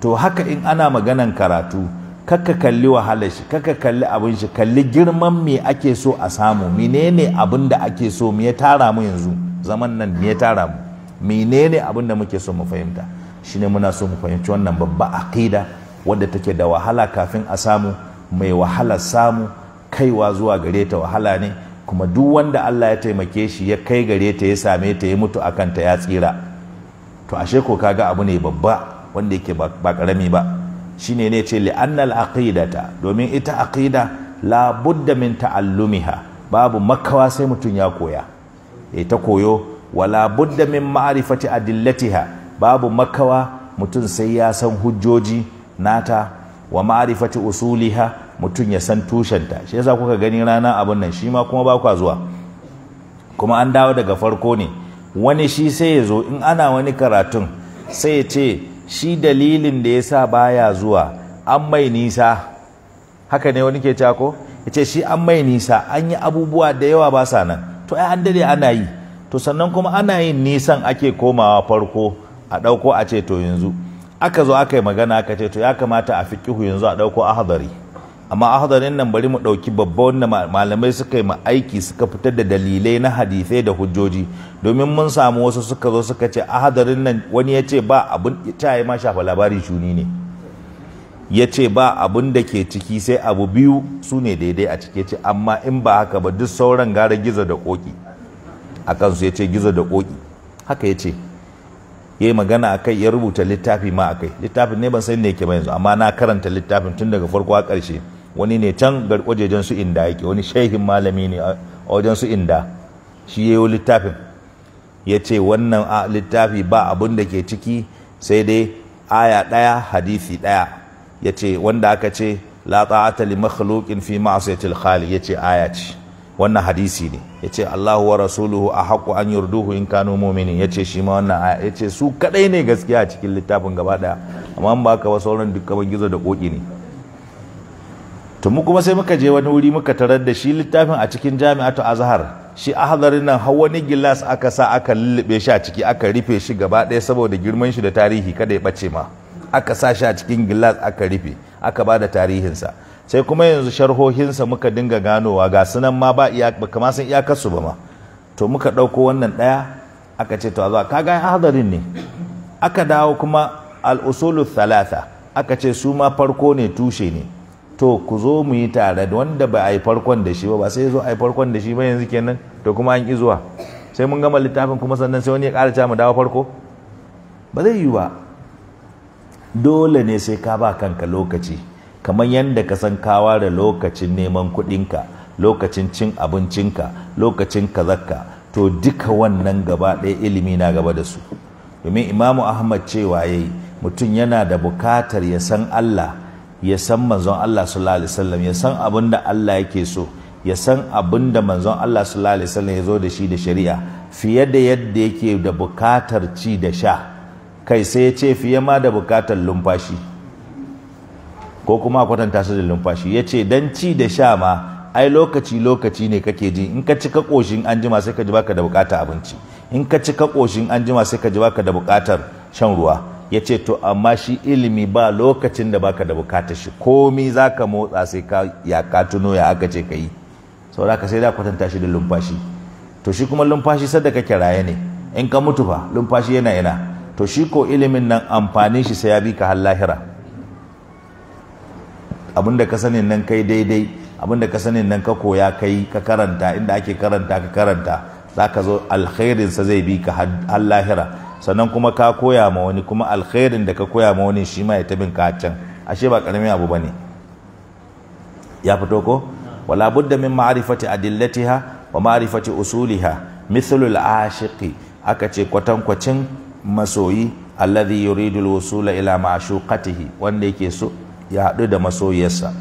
to haka in ana maganan karatu kaka kalli wahalar shi kaka kalli abin shi kalli girman me ake so a samu menene abin da ake so me ya tara mu yanzu zaman nan me ya tara mu menene abin da muke so mu fahimta shine muna so mu fahimci wannan babba aqida wanda take da wahala kafin a samu mai wahala samu kaiwa zuwa gare ta wahala ne kuma duk wanda Allah ya taimake shi ya kai gare ta ya same ta ya mutu akan ta ya tsira to ashe ko kaga abu ne babba wanda yake ba karami ba shine ne ce li'annal aqidata domin ita aqida la budda min ta'allumiha babu makawa sai mutum ya koya eh ta koyo wala budda min ma'rifati adillatiha babu makawa mutum sai ya san hujjoji nata wa ma'rifati usuliha mutum ya san tushenta shi yasa kuka gani rana abin nan shi ma kuma ba kwa zuwa kuma an dawo daga farko ne wani shi sai ya zo in ana wani karatun sai ya ce shi dalilin da ya sa baya zuwa an mai nisa haka ne wani ke cewa ya ce shi an mai nisa an yi abubuwa da yawa ba sa nan to ai an dade ana yi to sannan kuma ana yin nisan ake komawa farko a ɗauko a ce to yanzu aka zo aka yi magana aka ce to ya kamata a fi yanzu a ɗauko hadari. amma a hadarin nan bari mu ɗauki babba wanda malamai suka yi ma aiki suka fitar da dalilai na hadisai da hujjoji domin mun samu wasu suka zo suka ce a hadarin nan wani ya ce ba abin caye ma shafa labarin shuni ne ya ce ba abin da ke ciki sai abu biyu su ne daidai a cike ce amma in ba haka ba duk sauran gara gizo da koki a kansu ya ce gizo da koki haka ya ce ya yi magana a kai ya rubuta littafi ma a kai littafin ne ban sani da yake ba yanzu amma na karanta littafin tun daga farko a ƙarshe wani ne can wajejen su inda yake wani shehin malami ne a wajen su inda shi ya yi littafin ya ce wannan a littafi ba abin da ke ciki sai dai aya ɗaya hadisi ɗaya ya ce wanda aka ce la ta'ata li makhluqin fi ma'siyatil khali ya ce aya ce wannan hadisi ne ya ce Allahu wa rasuluhu a haƙu an yurduhu in kanu mumini ya ce shi ma wannan aya ya ce su kaɗai ne gaskiya a cikin littafin gaba ɗaya amma ba ka ba sauran duk gizo da ƙoƙi ne to mu kuma sai muka je wani wuri muka tarar da shi littafin a cikin jami'atu azhar shi a ahadarin nan har wani gilas aka sa aka lullube shi a ciki aka rufe shi gaba ɗaya saboda girman shi da tarihi kada ya ɓace ma aka sa shi a cikin gilas aka rufe aka ba da tarihinsa sai kuma yanzu sharhohinsa muka dinga ganowa ga sunan ma ba iya kama sun iyakarsu ba ma to muka ɗauko wannan ɗaya aka ce to a zuwa a hadarin ne aka dawo kuma al-usulu thalatha aka ce su ma farko ne tushe ne to ku zo mu yi tare da wanda ba a yi farkon da shi ba ba sai zo a yi farkon da shi ba yanzu kenan to kuma an ki zuwa sai mun gama littafin kuma sannan sai wani ya ƙara mu dawo farko ba zai yi ba dole ne sai ka ba kanka lokaci kamar yadda ka san ka ware lokacin neman kuɗinka lokacin cin abincinka lokacin kazakka to duka wannan gaba ɗaya ilimi na gaba da su domin imamu ahmad cewa yayi mutum yana da bukatar ya san allah ya san manzon Allah sallallahu alaihi wasallam ya san abin da Allah yake so ya san abin da manzon Allah sallallahu alaihi wasallam ya zo da shi da shari'a fiye da yadda yake da bukatar ci da sha kai sai ya ce fiye ma da bukatar lumfashi ko kuma kwatanta su da lumfashi ya ce dan ci da sha ma ai lokaci lokaci ne kake ji in ka ci ka koshin an jima sai ka ji baka da bukatar abinci in ka ci ka koshin an jima sai ka ji baka da bukatar shan ruwa ya ce to amma shi ilimi ba lokacin da baka da bukata shi komi za ka motsa sai ka ya ka tuno ya aka ce ka yi saboda ka sai da kwatanta shi da lumfashi to shi kuma lumfashi sadda ka raye ne in ka mutu fa lumfashi yana yana to shi ko ilimin nan amfanin shi sai ya bi ka har lahira abinda ka sanin nan kai daidai abinda ka sanin nan ka koya kai ka karanta inda ake karanta ka karanta za ka zo alkhairinsa zai bi ka har lahira sannan kuma ka koya ma wani kuma alkhairin da ka koya ma wani shi ma ya tabin ka can ashe ba karamin abu bane ya fito ko wala budda min ma'rifati adillatiha wa ma'rifati usuliha mithlul ashiqi aka ce kwatankwacin masoyi alladhi yuridu al-wusula ila ma'shuqatihi wanda yake so ya hadu da masoyiyarsa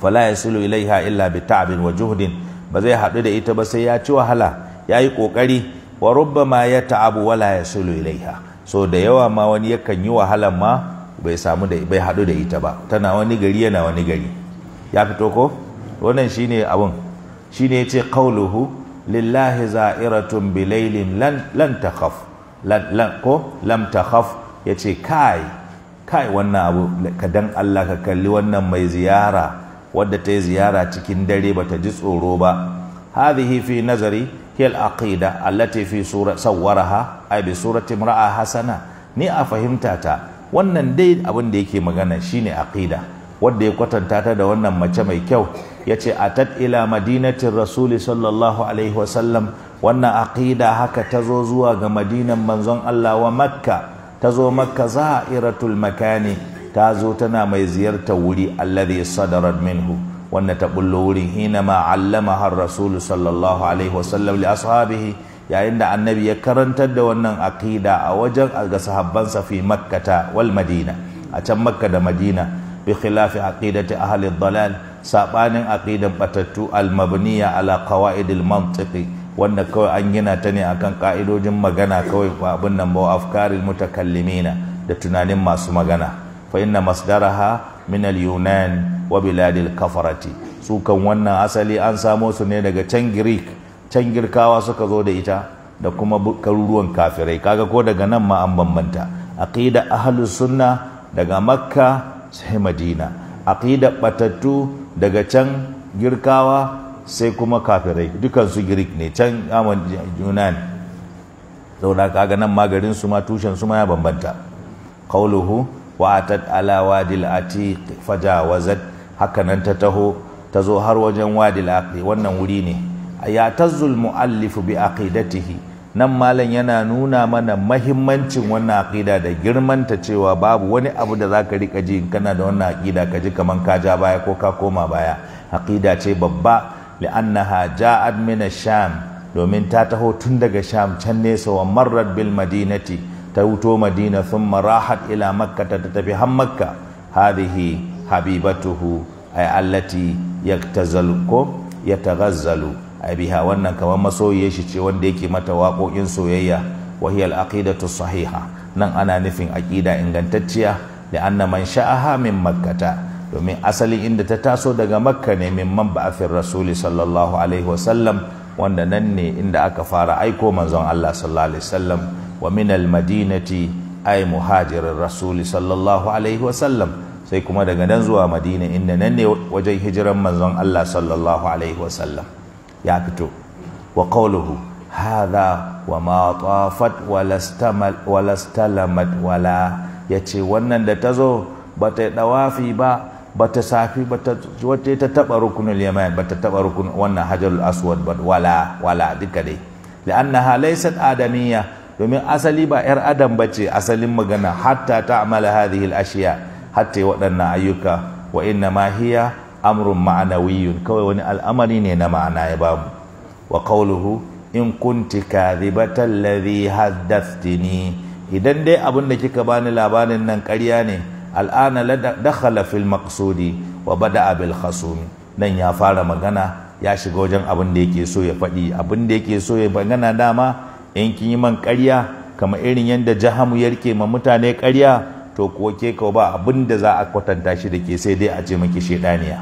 fala yasilu ilaiha illa bi ta'bin wa juhdin ba zai hadu da ita ba sai ya ci wahala ya yi ƙoƙari wa ma ya ta'abu wala ya sulu ilaiha so da yawa ma wani yakan yi wahalan ma bai samu da bai hadu da ita ba tana wani gari yana wani gari ya fito ko wannan shine abun shine yace qauluhu lillahi za'iratun bilailin lan lan takhaf lan lan ko lam takhaf yace kai kai wannan abu ka dan Allah ka kalli wannan mai ziyara wadda ta yi ziyara cikin dare ba ta ji tsoro ba hadhihi fi nazari هي العقيدة التي في سورة صورها أي بسورة امرأة حسنة ni a fahimta ta wannan dai abin da yake magana shine aqida wanda ya kwatanta ta da wannan mace mai kyau yace atat ila madinatin rasul sallallahu alaihi wasallam wannan aqida haka tazo zuwa ga madinan manzon Allah wa makka tazo makka za'iratul makani tazo tana mai ziyartar wuri alladhi sadarat minhu wannan ta bullo wurin hina ma allama har rasul sallallahu alaihi wasallam li ashabihi yayin da annabi ya karantar da wannan aqida a wajen ga sahabbansa fi makkata wal madina a can makka da madina bi khilafi aqidati ahli dalal sabanin aqidan batattu al mabniya ala qawaid al mantiqi wanda kawai an gina ta ne akan ka'idojin magana kawai ba abin nan ba afkaril mutakallimina da tunanin masu magana fa inna masdaraha min al yunan wa biladil kafarati su kan wannan asali an samo su ne daga can Greek can Girkawa suka zo da ita da kuma karuruwan kafirai kaga ko daga nan ma an bambanta aqida ahlus sunna daga Makka sai Madina aqida batatu daga can Girkawa sai kuma kafirai dukansu Greek ne can junan saboda kaga nan magarin su ma tushen su ma ya bambanta qauluhu wa atat ala wadil atiq fajawazat hakanan ta taho ta zo har wajen wadi aqli wannan wuri ne ya tazzul muallifu bi aqidatihi nan malam yana nuna mana mahimmancin wannan aqida da girmanta cewa babu wani abu da zaka rika ji kana da wannan aqida ka ji kaman ka ja baya ko ka koma baya aqida ce babba li'annaha ja'at min admina sham domin ta taho tun daga sham can nesa wa marrat bil madinati ta wuto madina thumma rahat ila makka ta tafi har makka hadhihi habibatuhu ay allati yaktazalu ko yataghazzalu ay biha wannan kamar masoyiyar shi ce wanda yake mata waƙoƙin soyayya wa hiya al-aqidatu sahiha nan ana nufin aqida ingantacciya da anna man sha'aha min makkata domin asali inda ta taso daga makka ne mimman ba'afin rasuli sallallahu alaihi wasallam wanda nan ne inda aka fara aiko manzon Allah sallallahu alaihi wasallam wa min madinati ay muhajirin rasuli sallallahu alaihi wasallam sai kuma daga nan zuwa madina inda nan ne wajen hijiran manzon Allah sallallahu alaihi wasallam ya fito wa qawluhu hadha wa ma tafat wala stalamat wala yace wannan da tazo bata yi dawafi ba bata safi bata wace ta taba rukunul yaman bata taba rukun wannan hajarul aswad ba wala wala duka dai li'annaha laysat adamiyya domin asali ba yar adam bace asalin magana hatta ta'mala hadhihi al-ashiya hatta waɗannan ayyuka wa inna ma hiya amrun ma'anawiyyun kawai wani al'amari ne na ma'ana ya babu wa qawluhu in kunti kadhibatan ladhi haddathtini idan dai abin da kika bani labarin nan ƙarya ne al'ana la dakhala fil maqsudi wa bada'a bil khasumi nan ya fara magana ya shiga wajen abin da yake so ya faɗi abin da yake so ya magana dama in kin yi man ƙarya kamar irin yadda jahamu yarke ma mutane ƙarya to kuwa ke kawo ba abin da za a kwatanta shi da ke sai dai a ce maki shedaniya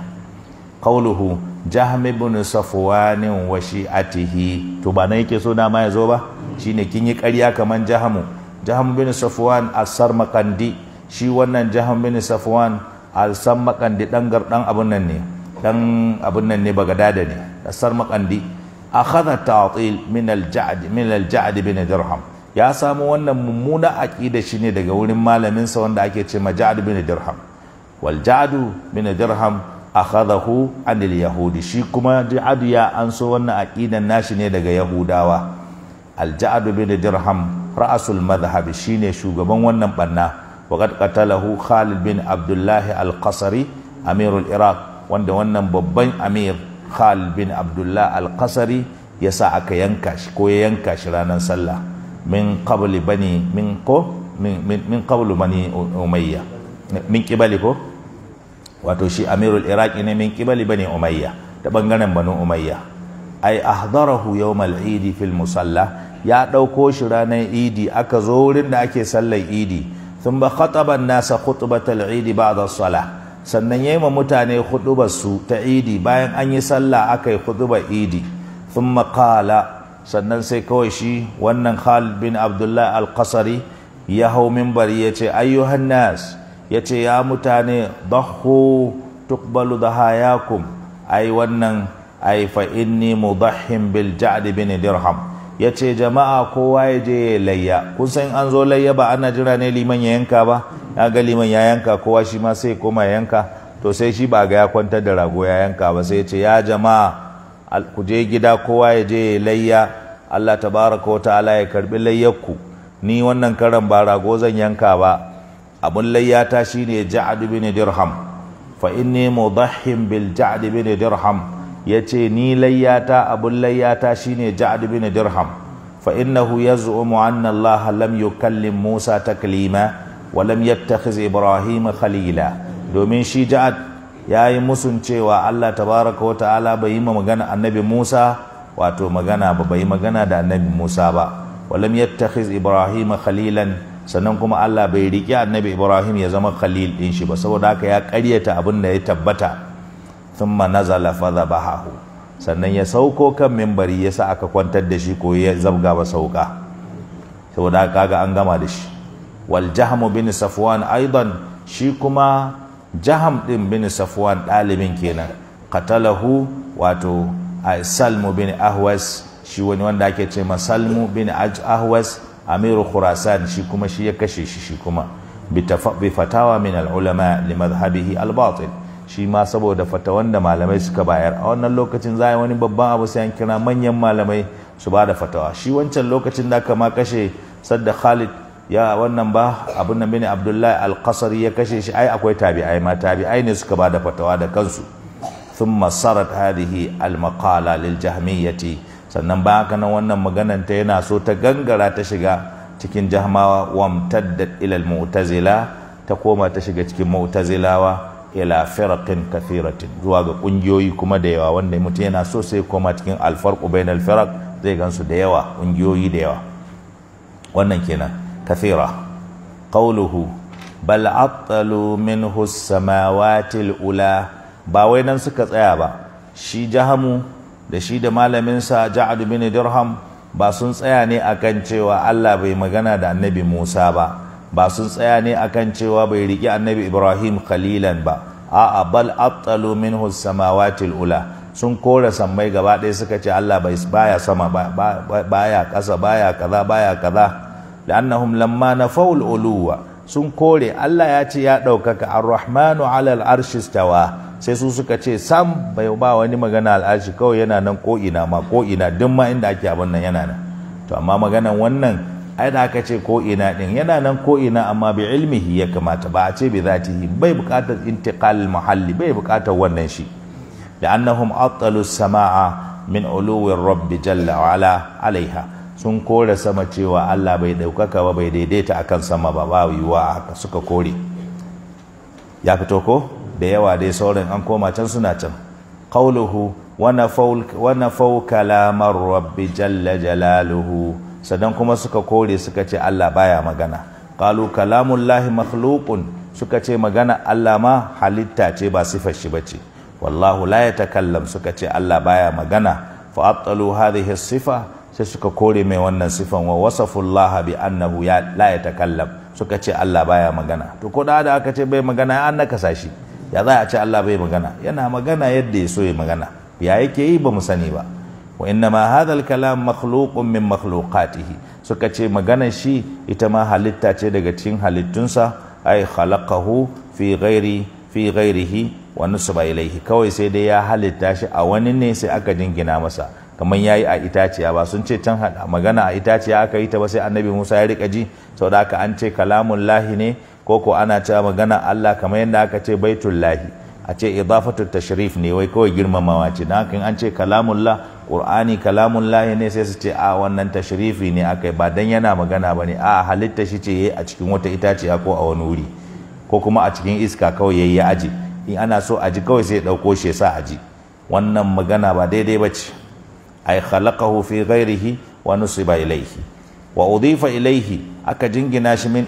qauluhu jahm ibn safwan wa shi'atihi to ba nan yake so na ma ya zo ba shine kin yi ƙarya kaman Jihamu jahamu bin safwan as makandi shi wannan jahamu bin safwan al makandi dan gardan abun nan ne dan abun nan ne bagadada ne as-sarmaqandi akhadha ta'til min al-ja'd min al-ja'd bin dirham ya samu wannan mummuna aƙida shi ne daga wurin malamin sa wanda ake ce ma Majad bin Dirham wal Ja'd bin Dirham akhadahu an yahudi shi kuma Ja'd ya anso wannan aqidan nashi ne daga Yahudawa al Ja'd bin Dirham ra'asul madhhab shine shugaban wannan banna waqad qatalahu Khalid bin Abdullah al Qasri amirul Iraq wanda wannan babban amir Khalid bin Abdullah al Qasri ya sa aka yanka shi ko ya yanka shi ranar sallah min qabli bani min ko min min qablu bani umayya min kibali ko wato shi amirul iraqi ne min kibali bani umayya ta bangaren banu umayya ai ahdarahu yawmal idi fil musalla ya dauko shi ranar idi aka zo wurin da ake sallar idi sun ba khataban nasa khutbatal idi ba'da salah sannan ya ma mutane huɗubarsu su ta idi bayan an yi sallah aka yi hudubar idi sun makala sannan sai kawai shi wannan Khalid bin Abdullahi al-Qasari ya hau mimbari ya ce ayyuhan nas ya ce ya mutane dahu tuqbalu hayakum ai wannan ai fa inni mudahhim bil ja'd bin dirham ya ce jama'a kowa ya je ya layya kun san an zo layya ba ana jira ne liman ya yanka ba ya ga liman ya yanka kowa shi ma sai koma yanka to sai shi ba ga ya kwantar da rago ya yanka ba sai ya ce ya jama'a ku je gida kowa ya je ya layya Allah tabaraka wa ta'ala ya karbi layyarku ni wannan karan ba rago zan yanka ba abun layyata shine Ja'd bin Dirham fa inni mudahhim bil Ja'd bin Dirham yace ni layyata abun layyata shine Ja'd bin Dirham fa innahu yaz'umu anna Allah lam yukallim Musa taklima wa lam yattakhiz Ibrahim khalila domin shi Ja'd ya yi musun cewa Allah tabaraka wa ta'ala bai yi magana annabi Musa wato magana ba bai magana da annabi Musa ba walam yattakhiz Ibrahim khalilan sannan kuma Allah bai riƙi annabi Ibrahim ya zama khalil din shi ba saboda haka ya ƙaryata abin da ya tabbata thumma nazala fadhabahu sannan ya sauko kan mimbari yasa aka kwantar da shi ko ya zabga ba sauka saboda haka an gama da shi wal jahmu bin safwan aidan shi kuma jaham ɗin bin safwan ɗalibin kenan qatalahu wato salmu bin ahwas shi wani wanda ake ce ma salmu bin ahwas amiru khurasan shi kuma shi ya kashe shi shi kuma bi fatawa min al'ulama li madhhabihi al-batil shi ma saboda fatawan da malamai suka bayar a wannan lokacin za wani babban abu sai an kira manyan malamai su ba da fatawa shi wancan lokacin da aka ma kashe sadda Khalid ya wannan ba abin nan bane abdullahi alqasari ya kashe shi ai akwai tabi'ai ma tabi'ai ne suka ba da fatawa da kansu thumma sarat hadhihi almaqala liljahmiyyati sannan ba haka nan wannan maganan ta yana so ta gangara ta shiga cikin jahmawa wamtaddat ila almu'tazila ta koma ta shiga cikin mu'tazilawa ila firaqin kathiratin zuwa ga kungiyoyi kuma da yawa wanda mutum yana so sai koma cikin alfarqu bainal firaq zai gansu da yawa kungiyoyi da yawa wannan kenan كثيرة قوله بل عطلوا منه السماوات الأولى باوي نان suka tsaya ba shi jahamu da shi da malamin sa bin Dirham ba sun tsaya ne akan cewa Allah bai magana da Annabi Musa ba ba sun tsaya ne akan cewa bai riƙi Annabi Ibrahim khalilan ba a'a bal abtalu minhu samawati ula sun kora sammai gaba ɗaya suka ce Allah bai baya sama baya ƙasa baya kaza baya kaza لأنهم لما نفوا الألوة sun kore Allah ya ce ya ɗaukaka ar-rahmanu alal arshi tawa sai su suka ce sam bai ba wani magana al'arshi kawai yana nan ko ina ma ko ina duk ma inda ake abin nan yana nan to amma maganan wannan ai da aka ce ko ina din yana nan ko ina amma bi ilmihi ya kamata ba a ce bi zatihi bai buƙatar intiqal muhalli bai buƙatar wannan shi da annahum attalu samaa min uluwin rabbi jalla wa ala alaiha sun kore sama cewa Allah bai daukaka ba bai daidaita akan sama ba ba yiwa haka suka kore ya fito ko da yawa dai sauran an koma can suna can qauluhu wana fau kalamar rabbi jalla jalaluhu Sadan kuma suka kore suka ce Allah baya magana Kalu kalamun Lahi makhluqun suka ce magana Allah ma halitta ce ba sifar shi ce. wallahu la yatakallam suka ce Allah baya magana fa abtalu hadhihi sifa sai suka kore mai wannan sifan wa wasafullah bi annahu ya la yatakallam suka ce Allah baya magana to ko da aka ce bai magana an naka shi ya za a ce Allah bai magana yana magana yadda ya so ya magana ya yake yi ba mu sani ba wa inna ma hadha kalam makhluqun min makhluqatihi suka ce magana shi ita ma halitta ce daga cikin halittunsa ai khalaqahu fi ghairi fi ghairihi wa ilaihi kawai sai dai ya halitta shi a wani ne sai aka jingina masa kamar yayi a itaciya ba sun ce can magana a itaciya aka yi ta ba sai annabi Musa ya rika ji saboda haka an ce kalamun lahi ne ko ko ana cewa magana Allah kamar yadda aka ce baitul lahi a ce idafatu tashrif ne wai kawai girmamawa ce dan haka an ce kalamun la qur'ani lahi ne sai su ce a wannan tashrifi ne akai ba dan yana magana ne? a halitta shi ce yayi a cikin wata itaciya ko a wani wuri ko kuma a cikin iska kawai yayi ya aji in ana so aji kawai sai ya dauko shi ya sa aji wannan magana ba daidai ba ce. Ai khalaqahu fi ghairihi wa nusiba ilayhi wa udifa ilayhi aka jingina shi min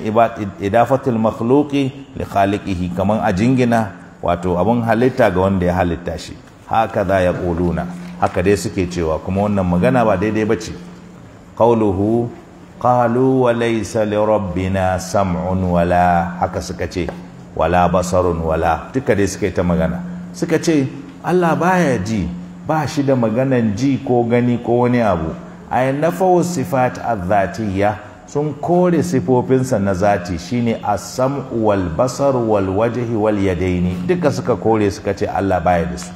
idafatil makhluqi li khaliqihi kaman a jingina wato abun halitta ga wanda ya halitta shi haka za ya kuluna haka dai suke cewa kuma wannan magana ba daidai bace qauluhu qalu wa laysa li rabbina sam'un wala haka suka ce wala basarun wala duka dai suka yi ta magana suka ce Allah baya ji ba shi da maganan ji ko gani ko wani abu na nafawu sifat a zatiya sun kore sifofinsa na zati shine ne a wal basar wal wal yadaini duka suka kore suka ce Allah baya da su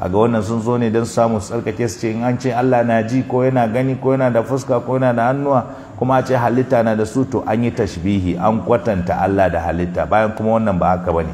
kaga wannan sun zo ne don samu tsarkake su ce in an ce Allah na ji ko yana gani ko yana da fuska ko yana da hannuwa kuma a ce halitta na da su to an yi tashbihi an kwatanta Allah da halitta bayan kuma wannan ba haka bane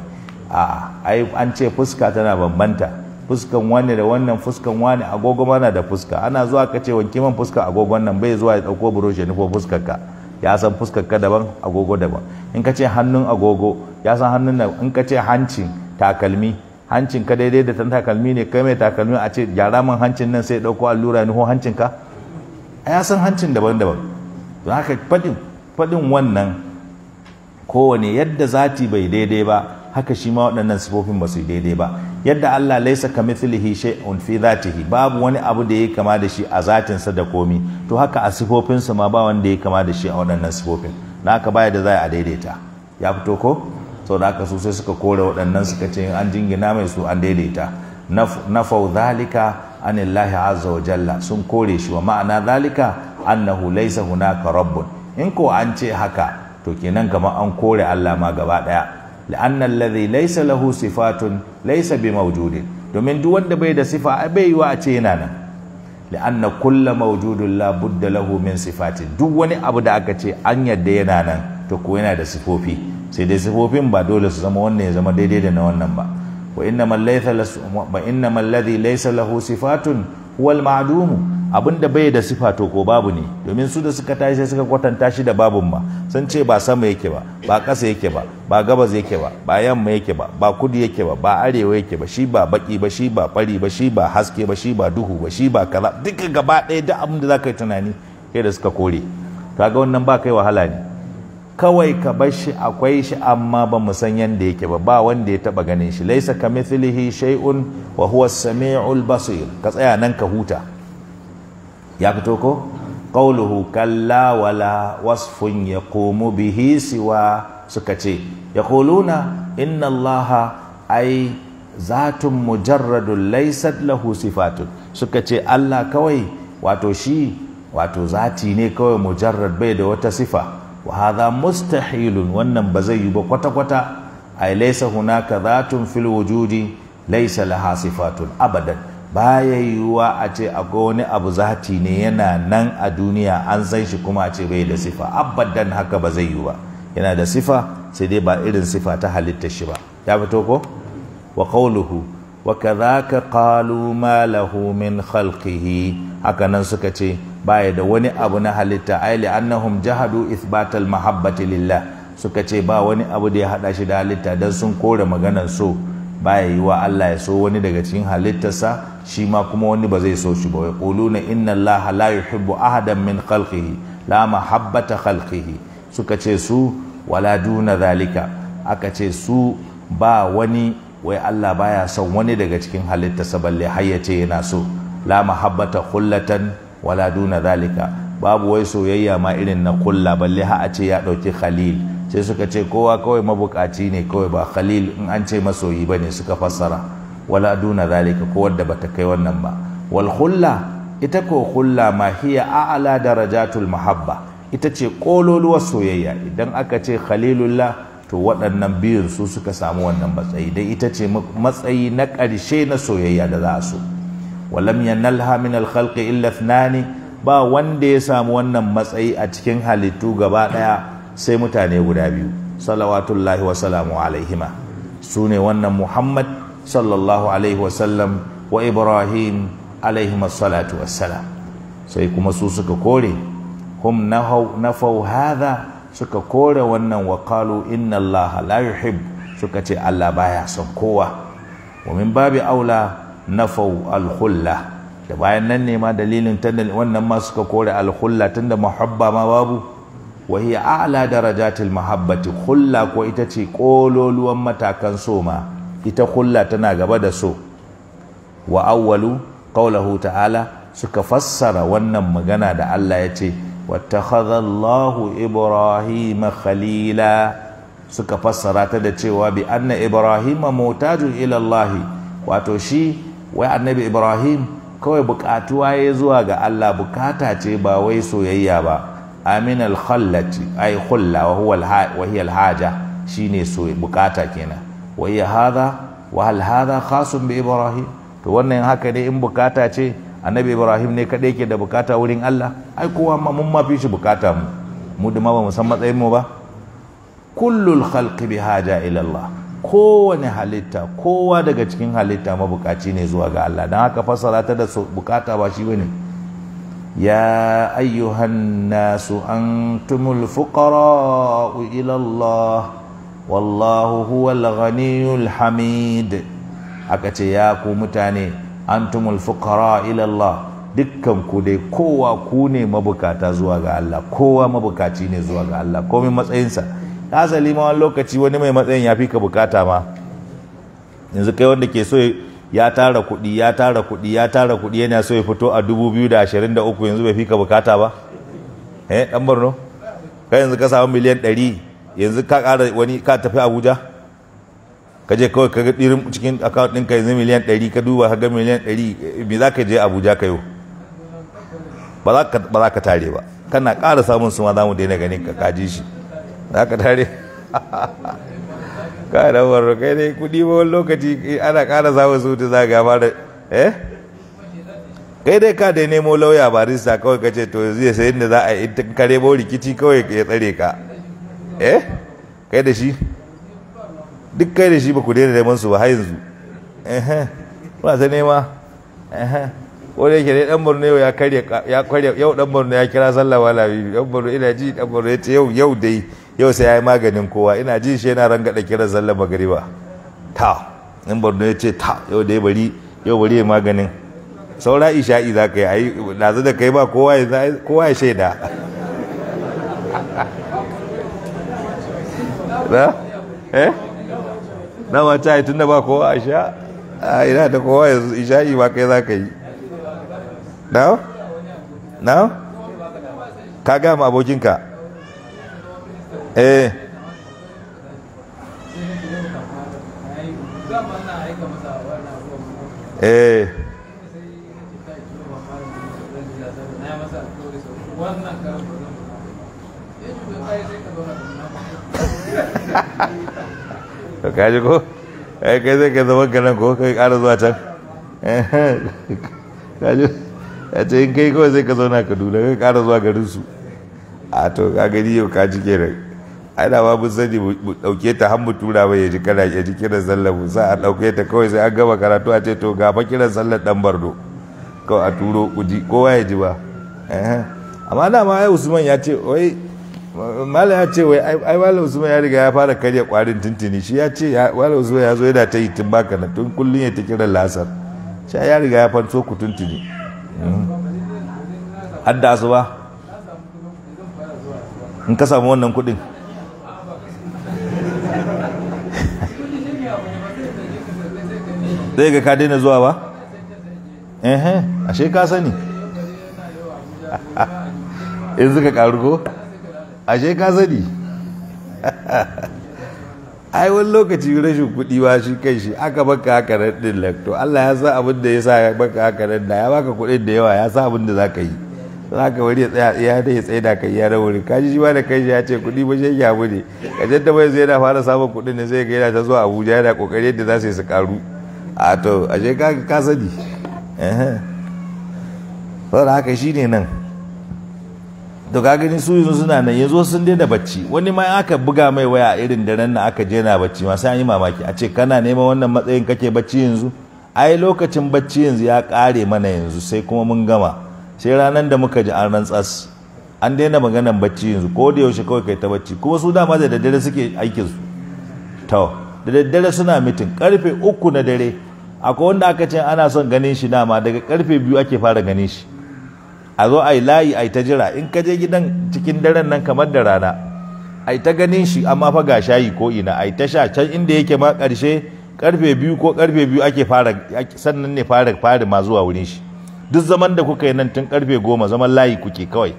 a'a an ce fuska tana bambanta fuskan wani da wannan fuskan wani agogo mana da fuska ana zuwa ka ce wanke man fuska agogon nan bai zuwa ya dauko buroshi nufo fuskar ka ya san fuskar ka daban agogo daban in ka ce hannun agogo ya san hannun nan in ka ce hancin takalmi hancin ka daidai da tan takalmi ne kai mai takalmi a ce gyara man hancin nan sai dauko allura nufo hancin ka ya san hancin daban-daban don haka fadin wannan kowane yadda zati bai daidai ba haka shi ma waɗannan sifofin ba su daidai ba yadda Allah laisa shai shay'un fi dhatihi babu wani abu da yake kama da shi a zatinsa da komi to haka a sifofinsa ma ba wanda yake kama da shi a waɗannan sifofin na haka baya da zai a daidaita ya fito ko sau da haka su sai suka kore waɗannan suka ce an jingina mai su an daidaita na zalika anillahi azza wa jalla sun kore shi wa ma'ana zalika annahu laisa hunaka rabbun in ko an ce haka to kenan kamar an kore Allah ma gaba daya la'anna lazi laisa lahu sifatun bi bimawjudin domin duk wanda bai da sifa a bai yiwa a ce yana nan la'anna kullu mawjudun la budda lahu min sifatin duk wani abu da aka ce an yadda yana nan to ko yana da sifofi sai dai sifofin ba dole su zama wannan ya zama daidai da na wannan ba wa innamal laisa lahu sifatun huwal ma'dumu abun da bai da sifa to ko babu ne domin su da suka tashi sai suka kwatanta shi da babun ma sun ce ba sama yake ba ba ƙasa yake ba ba gabas yake ba ba yamma yake ba ba kudu yake ba ba arewa yake ba shi ba baki ba shi ba fari ba shi ba haske ba shi ba duhu ba shi ba kaza duka gaba ɗaya duk abin da zaka yi tunani kai da suka kore kaga wannan ba kai wahala ne kawai ka bar shi akwai shi amma ba mu san yanda yake ba ba wanda ya taba ganin shi laisa kamithlihi shay'un wa huwa as-sami'ul basir ka tsaya nan ka huta ya fito ko qawluhu kalla wala wasfun yaqumu bihi siwa suka ce yaquluna inna allaha ai zatun mujarradun laysat lahu sifatun suka ce allah kawai wato shi wato zati ne kawai mujarrad bai da wata sifa wa hadha mustahilun wannan ba zai yi ba kwata kwata ai laysa hunaka zatun fil wujudi laysa laha sifatun abadan baya yiwuwa a ce akwai wani abu zati ne yana nan a duniya an san shi kuma a ce bai da sifa abadan haka ba zai yiwu ba yana da sifa sai dai ba irin sifa ta halitta shi ba ya fito ko wa qawluhu wa kadhaka qalu ma lahu min khalqihi haka nan suka ce baya da wani abu na halitta ay li annahum jahadu ithbatal mahabbati lillah suka ce ba wani abu da ya hada shi da halitta dan sun kore maganar so baya yiwuwa Allah ya so wani daga cikin halittarsa shi ma kuma wani ba zai so shi ba Wai na inna allaha la yuhibbu ahadan min khalqihi la mahabbata khalqihi suka ce su wala duna zalika aka ce su ba wani wai Allah baya son wani daga cikin halitta, balle har yana so la mahabbata kullatan wala duna zalika babu wai soyayya ma irin na kulla balle ha a ce ya dauki khalil sai suka ce kowa kawai mabukaci ne kawai ba khalil in an ce masoyi ba ne, suka fassara wala duna zalika ko wadda bata kai wannan ba wal khulla ita ko khulla ma hiya a'la darajatul mahabba ita ce kololuwar soyayya idan aka ce khalilullah to waɗannan biyun su suka samu wannan matsayi dai ita ce matsayi na ƙarshe na soyayya da za su walam yanalha min al illa ithnani ba wanda ya samu wannan matsayi a cikin halittu gaba ɗaya sai mutane guda biyu salawatullahi wa salamu alaihima su wannan muhammad sallallahu alaihi wasallam wa ibrahim alaihi salatu wassalam sai kuma su suka kore hum nafau hadha suka kore wannan wa qalu inna allaha la yuhib suka ce Allah baya son kowa wa min babi aula nafau al-khulla da bayan nan ne dalilin tanda wannan ma suka kore al-khulla tunda muhabba ma babu wa hiya a'la darajatil mahabbati khulla ko ita ce ƙololuwan matakan soma ita kulla tana gaba da so wa awwalu qawluhu ta'ala suka fassara wannan magana da Allah ya ce wattakhadha Allahu Ibrahima khalila suka fassara ta da cewa bi anna Ibrahima mutajun ila Allah wato shi wai annabi Ibrahim kawai bukatuwa ya zuwa ga Allah bukata ce ba wai soyayya ba amin al khallati ay khulla wa huwa al haja shine so bukata kenan wa ya hadha wa hadha khasun bi ibrahim to wannan haka ne in bukata ce annabi ibrahim ne kadai ke da bukata wurin Allah ai kowa ma mun ma fi shi bukata mu mu da ma ba mu san matsayin mu ba kullul khalqi bi haja ila Allah kowane halitta kowa daga cikin halitta mabukaci ne zuwa ga Allah dan haka fassara ta da bukata ba shi bane ya ayyuhan nasu antumul fuqara ila Allah wallahu huwal ghaniyul hamid aka ce ya ku mutane antumul fuqara ila Allah dukkan ku dai kowa ku ne mabukata zuwa ga Allah kowa mabukaci ne zuwa ga Allah komai matsayinsa asali ma wani lokaci wani mai matsayin ya fi ka bukata ma yanzu kai wanda ke so ya tara kuɗi ya tara kuɗi ya tara kuɗi yana so ya fito a 2023 yanzu bai fi ka bukata ba eh dan Borno kai yanzu ka samu miliyan ɗari. yanzu ka ƙara wani ka tafi abuja ka je kawai ka ga ɗirin cikin account ɗinka yanzu miliyan ɗari ka duba ka ga miliyan ɗari eh, me za ka je abuja ka yi ba za ka tare ba kana ƙara samun su ma za mu daina ganin ka kaji shi za ka tare ka da baro kai ne kuɗi ba wani lokaci eh, ana ƙara samun su ta zaga fara eh kai dai ka da nemo lauya ba barista kawai ka ce to zai sayin da za a yi kare bo rikici kawai ya tsare ka eh kai da shi duk kai da shi ba ku daina neman su ba har yanzu eh kuna ta nema eh ko da yake dai dan Borno yau ya karya ya karya yau dan Borno ya kira sallah wala bibi dan Borno ina ji dan Borno ya ce yau yau dai yau sai yayi maganin kowa ina ji shi yana rangada kiran sallah magriba ta dan Borno ya ce ta yau dai bari yau bari maganin saura isha'i za ka yi a yi da kai ba kowa ya shaida da? eh na ta yi tun da ba kowa a sha a ina da kowa sha yi ba kai za ka yi na na ka gama abokinka eh eh kaji ko ai kai zai kai zaman ka nan ko kai kara zuwa can kaji ya ce in kai kawai zai ka zauna kaduna kai kara zuwa garin su a to ka gani yau ka ji kenan ai da babu sani mu dauke ta har mu tura mai ya ji kana ya ji kiran sallar mu sa a dauke ta kawai sai an gama karatu a ce to ga fa kiran sallar dan Bardo kawai a turo kuji kowa ya ji ba amma da ma ai Usman ya ce wai malam ya ce wai ai wala usman ya riga ya fara karya kwarin tuntuni shi ya ce wala usman ya zo yana ta yi tun baka na tun kullum ya ta kira lasar shi ya riga ya fanto ku tuntuni hmm. har da su ba in ka samu wannan kudin zai ga ka daina zuwa ba ehe ashe ka sani in suka karu ko ashe ka sani ai wani lokaci rashin kuɗi ba shi kai shi aka baka haka nan din nan Allah ya sa abin da ya sa baka haka nan da ya baka kuɗin da yawa ya sa abin da za ka yi za ka wani ya tsaya ya da ya tsaye da kai ya rawuri ka shi ba da kai shi ya ce kuɗi ba shi ya bude ka jadda bai zai yana fara samun kuɗin ne sai ga yana ta zuwa Abuja yana kokari yadda za su yi su karu a to ashe ka ka sani saboda haka shine nan da ka gani su yanzu suna nan yanzu sun daina bacci wani ma aka buga mai waya irin daren na aka je na bacci ma sai an yi mamaki a ce kana neman wannan matsayin kake bacci yanzu ai lokacin bacci yanzu ya kare mana yanzu sai kuma mun gama sai ranar da muka ji an rantsas an daina maganan bacci yanzu ko da yaushe kawai kai ta bacci kuma su dama da daddare suke aikin su to da daddare suna mitin karfe uku na dare akwai wanda aka ce ana son ganin shi dama daga karfe biyu ake fara ganin shi a zo ai layi ai ta jira in ka je gidan cikin daren nan kamar da rana ai ta ganin shi amma fa ga shayi ko ina ai ta sha can inda yake ma karshe karfe biyu ko karfe biyu ake fara sannan ne fara fari ma zuwa wurin shi duk zaman da kuka yi nan tun karfe goma zaman layi kuke kawai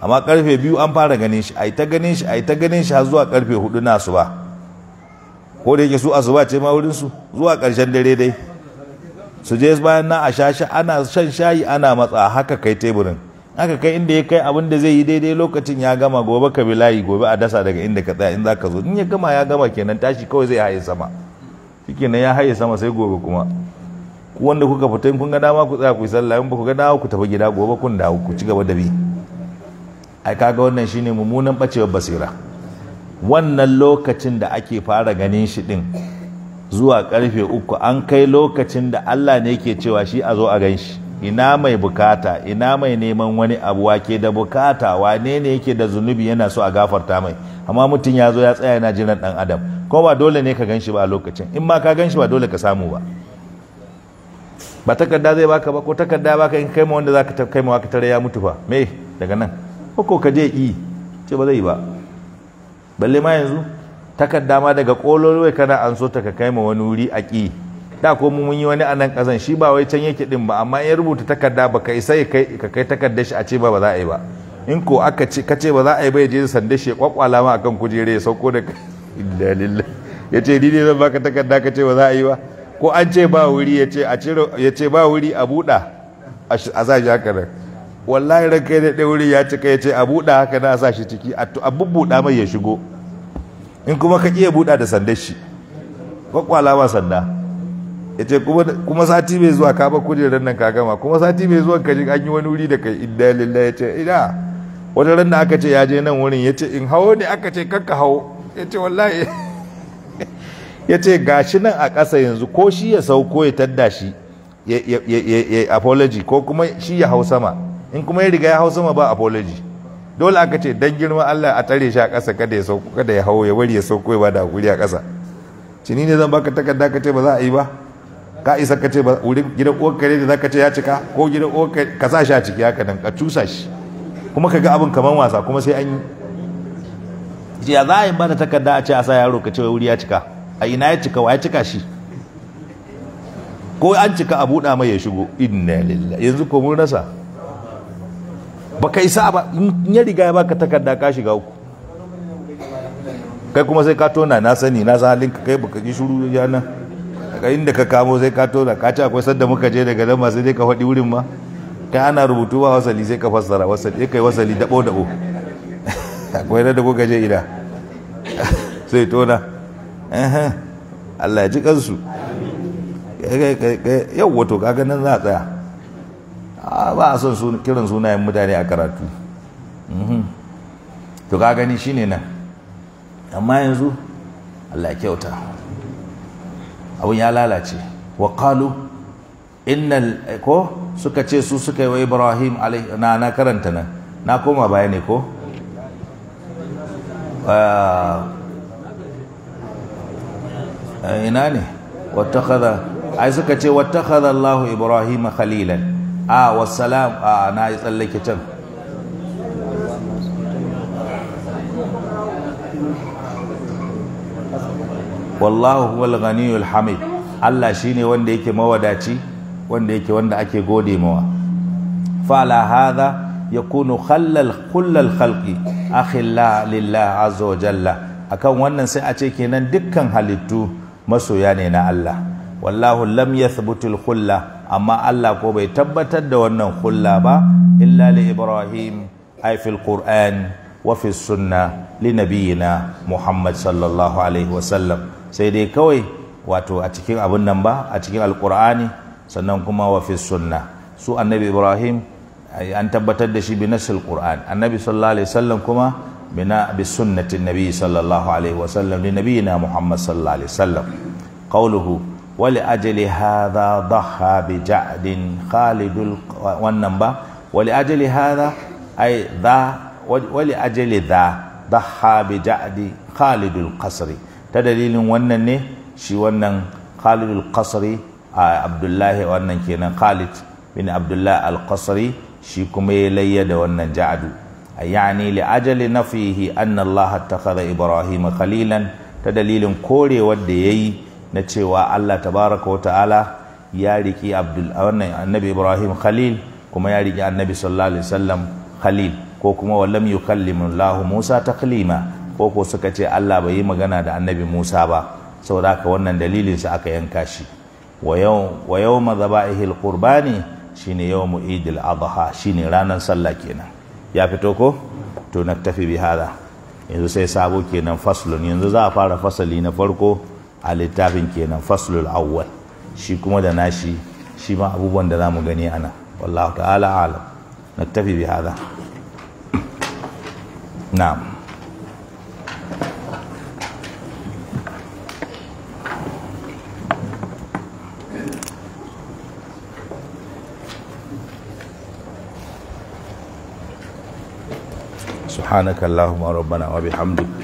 amma karfe biyu an fara ganin shi ai ta ganin shi yi ta ganin shi har zuwa karfe hudu na asuba ko da yake su asuba ce ma wurin su zuwa karshen dare dai su je bayan na a shashi ana shan shayi ana matsa haka kai teburin haka kai inda ya kai abin da zai yi daidai lokacin ya gama gobe ka bi layi gobe a dasa daga inda ka tsaya in za ka zo in ya gama ya gama kenan tashi kawai zai haye sama shikenan ya haye sama sai gobe kuma wanda kuka fita in kun ga dama ku tsaya ku yi sallah in ba ku ga dama ku tafi gida gobe kun dawo ku ci gaba da bi ai kaga wannan shine mummunan bacewar basira wannan lokacin da ake fara ganin shi din zuwa karfe uku an kai lokacin da Allah ne ke cewa shi a zo a gan shi ina mai bukata ina mai neman wani abu wake da bukata wane ne yake da zunubi yana so a gafarta mai amma mutum ya zo ya tsaya yana jiran dan adam ko ba dole ne ka gan shi ba a lokacin in ma ka gan shi ba dole ka samu ba ba takarda zai baka ba ko takarda baka in kai ma wanda zaka kai ma waka tare ya mutu fa me daga nan ko ka je yi ce ba zai ba balle ma yanzu takarda ma daga kololuwa kana an so ta ka kai ma wani wuri a ƙi da ko mun yi wani anan kazan shi ba wai can yake din ba amma in rubuta takarda ba kai sai ka kai takarda shi a ce ba ba za a yi ba in ko aka ce ka ce ba za a yi ba ya je sanda shi kwakwala ma akan kujere ya sauko da inna lillahi ya ce ni ne zan baka takarda ka ce ba za a yi ba ko an ce ba wuri ya ce a ciro ya ce ba wuri a buɗa a sa shi haka nan wallahi ran kai da wuri ya cika ya ce a buɗa haka na sa shi ciki a bubbuɗa mai ya shigo in kuma ka iya buɗa da sandar shi kwakwala ba sanda ya ce kuma sati mai zuwa ka ba kujerar nan ka gama kuma sati mai zuwa ka ji an yi wani wuri da kai idda lillahi ya ce ina wata ran da aka ce ya je nan wurin ya ce in hawo ne aka ce kanka hawo ya ce wallahi ya ce gashi nan a ƙasa yanzu ko shi ya sauko ya tadda shi ya apology ko kuma shi ya hau sama in kuma ya riga ya hau sama ba apology dole aka ce don girma Allah a tare shi a ƙasa kada ya sauko kada ya hawo ya wari ya sauko ya bada hakuri a ƙasa cini ne zan baka takarda ka ce ba za a yi ba ka isa ka ce ba wurin gidan uwar da za ka ce ya cika ko gidan uwar ka sa shi a ciki haka nan ka cusa shi kuma ka ga abin kamar wasa kuma sai an yi ya za a yi ba da takarda a ce a sa yaro ka ce wuri ya cika a ina ya cika wa ya cika shi ko an cika a buɗa mai ya shigo inna lillahi yanzu ko mun rasa ba ka isa ba in ya riga ya baka takarda ka shiga uku kai kuma sai ka tona na sani na san halinka kai baka ji shuru ya nan inda ka kamo sai ka tona ka ci akwai sadda muka je daga nan ma sai dai ka faɗi wurin ma kai ana rubutu ba wasali sai ka fassara wasali kai wasali dabo dabo akwai da kuka je ina sai tona Allah ya ji kansu yau wato kaga nan za a tsaya ba a son kiran sunayen mutane a karatu mhm. to ka gani shi ne nan amma yanzu Allah kyauta abun ya lalace wa kalu innal ko suka ce su suka yi wa Ibrahim na na karanta nan na koma baya ne ko ah, ina ne kada ai suka ce kada Allahu Ibrahim khalilan a ah, wasalam a ah, na yi tsallake can wallahu huwal ghaniyul hamid Allah shine wanda yake mawadaci wanda yake wanda ake gode mawa fala hadha yakunu khallal kullal khalqi akhilla lillah azza wa jalla akan wannan sai a ce kenan dukkan halittu masoya ne na Allah wallahu lam yathbutul khulla amma Allah ko bai tabbatar da wannan khulla ba illa li Ibrahim ay fil Qur'an wa fi sunna li nabiyina Muhammad sallallahu alaihi wa sallam. sai dai kawai wato a cikin abin nan ba a cikin alqur'ani sannan kuma wa fi sunna su annabi Ibrahim an tabbatar da shi bi nasil Qur'an annabi sallallahu alaihi wasallam kuma bina bi sunnatin nabi sallallahu alaihi wasallam li nabiyina Muhammad sallallahu alaihi wasallam qawluhu ولأجل هذا ضحى بجعد خالد والنبا ولأجل هذا أي ذا ولأجل ذا ضحى بجعد خالد القصري تدليل ونن شي ونن خالد القصري عبد الله ونن كينا خالد بن عبد الله القصري شي كما يلي ونن جعد يعني لأجل نفيه أن الله اتخذ إبراهيم خليلا تدليل كوري ودي na cewa Allah tabaraka wa ta'ala ya riki Abdul wannan Annabi Ibrahim Khalil kuma ya riki Annabi sallallahu alaihi wasallam Khalil ko kuma wallam yukallimu Allah Musa taklima ko ko suka ce Allah bai yi magana da Annabi Musa ba saboda haka wannan dalilin sa aka yanka shi wa yau wa yawma qurbani shine yawmu idil adha shine ranar sallah kenan ya fito ko to naktafi bi hada yanzu sai sabo kenan faslun yanzu za a fara fasali na farko a littafin kenan faslul awwal shi kuma da nashi shi ma abubuwan da zamu gani ana wallahu ta'ala alam naktafi bi hada na'am سبحانك اللهم ربنا وبحمدك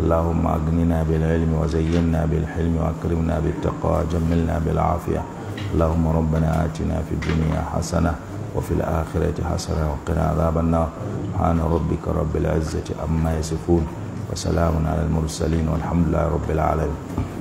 اللهم أغننا بالعلم وزينا بالحلم وأكرمنا بالتقوى وجملنا بالعافية اللهم ربنا آتنا في الدنيا حسنة وفي الآخرة حسنة وقنا عذاب النار سبحان ربك رب العزة عما يصفون وسلام على المرسلين والحمد لله رب العالمين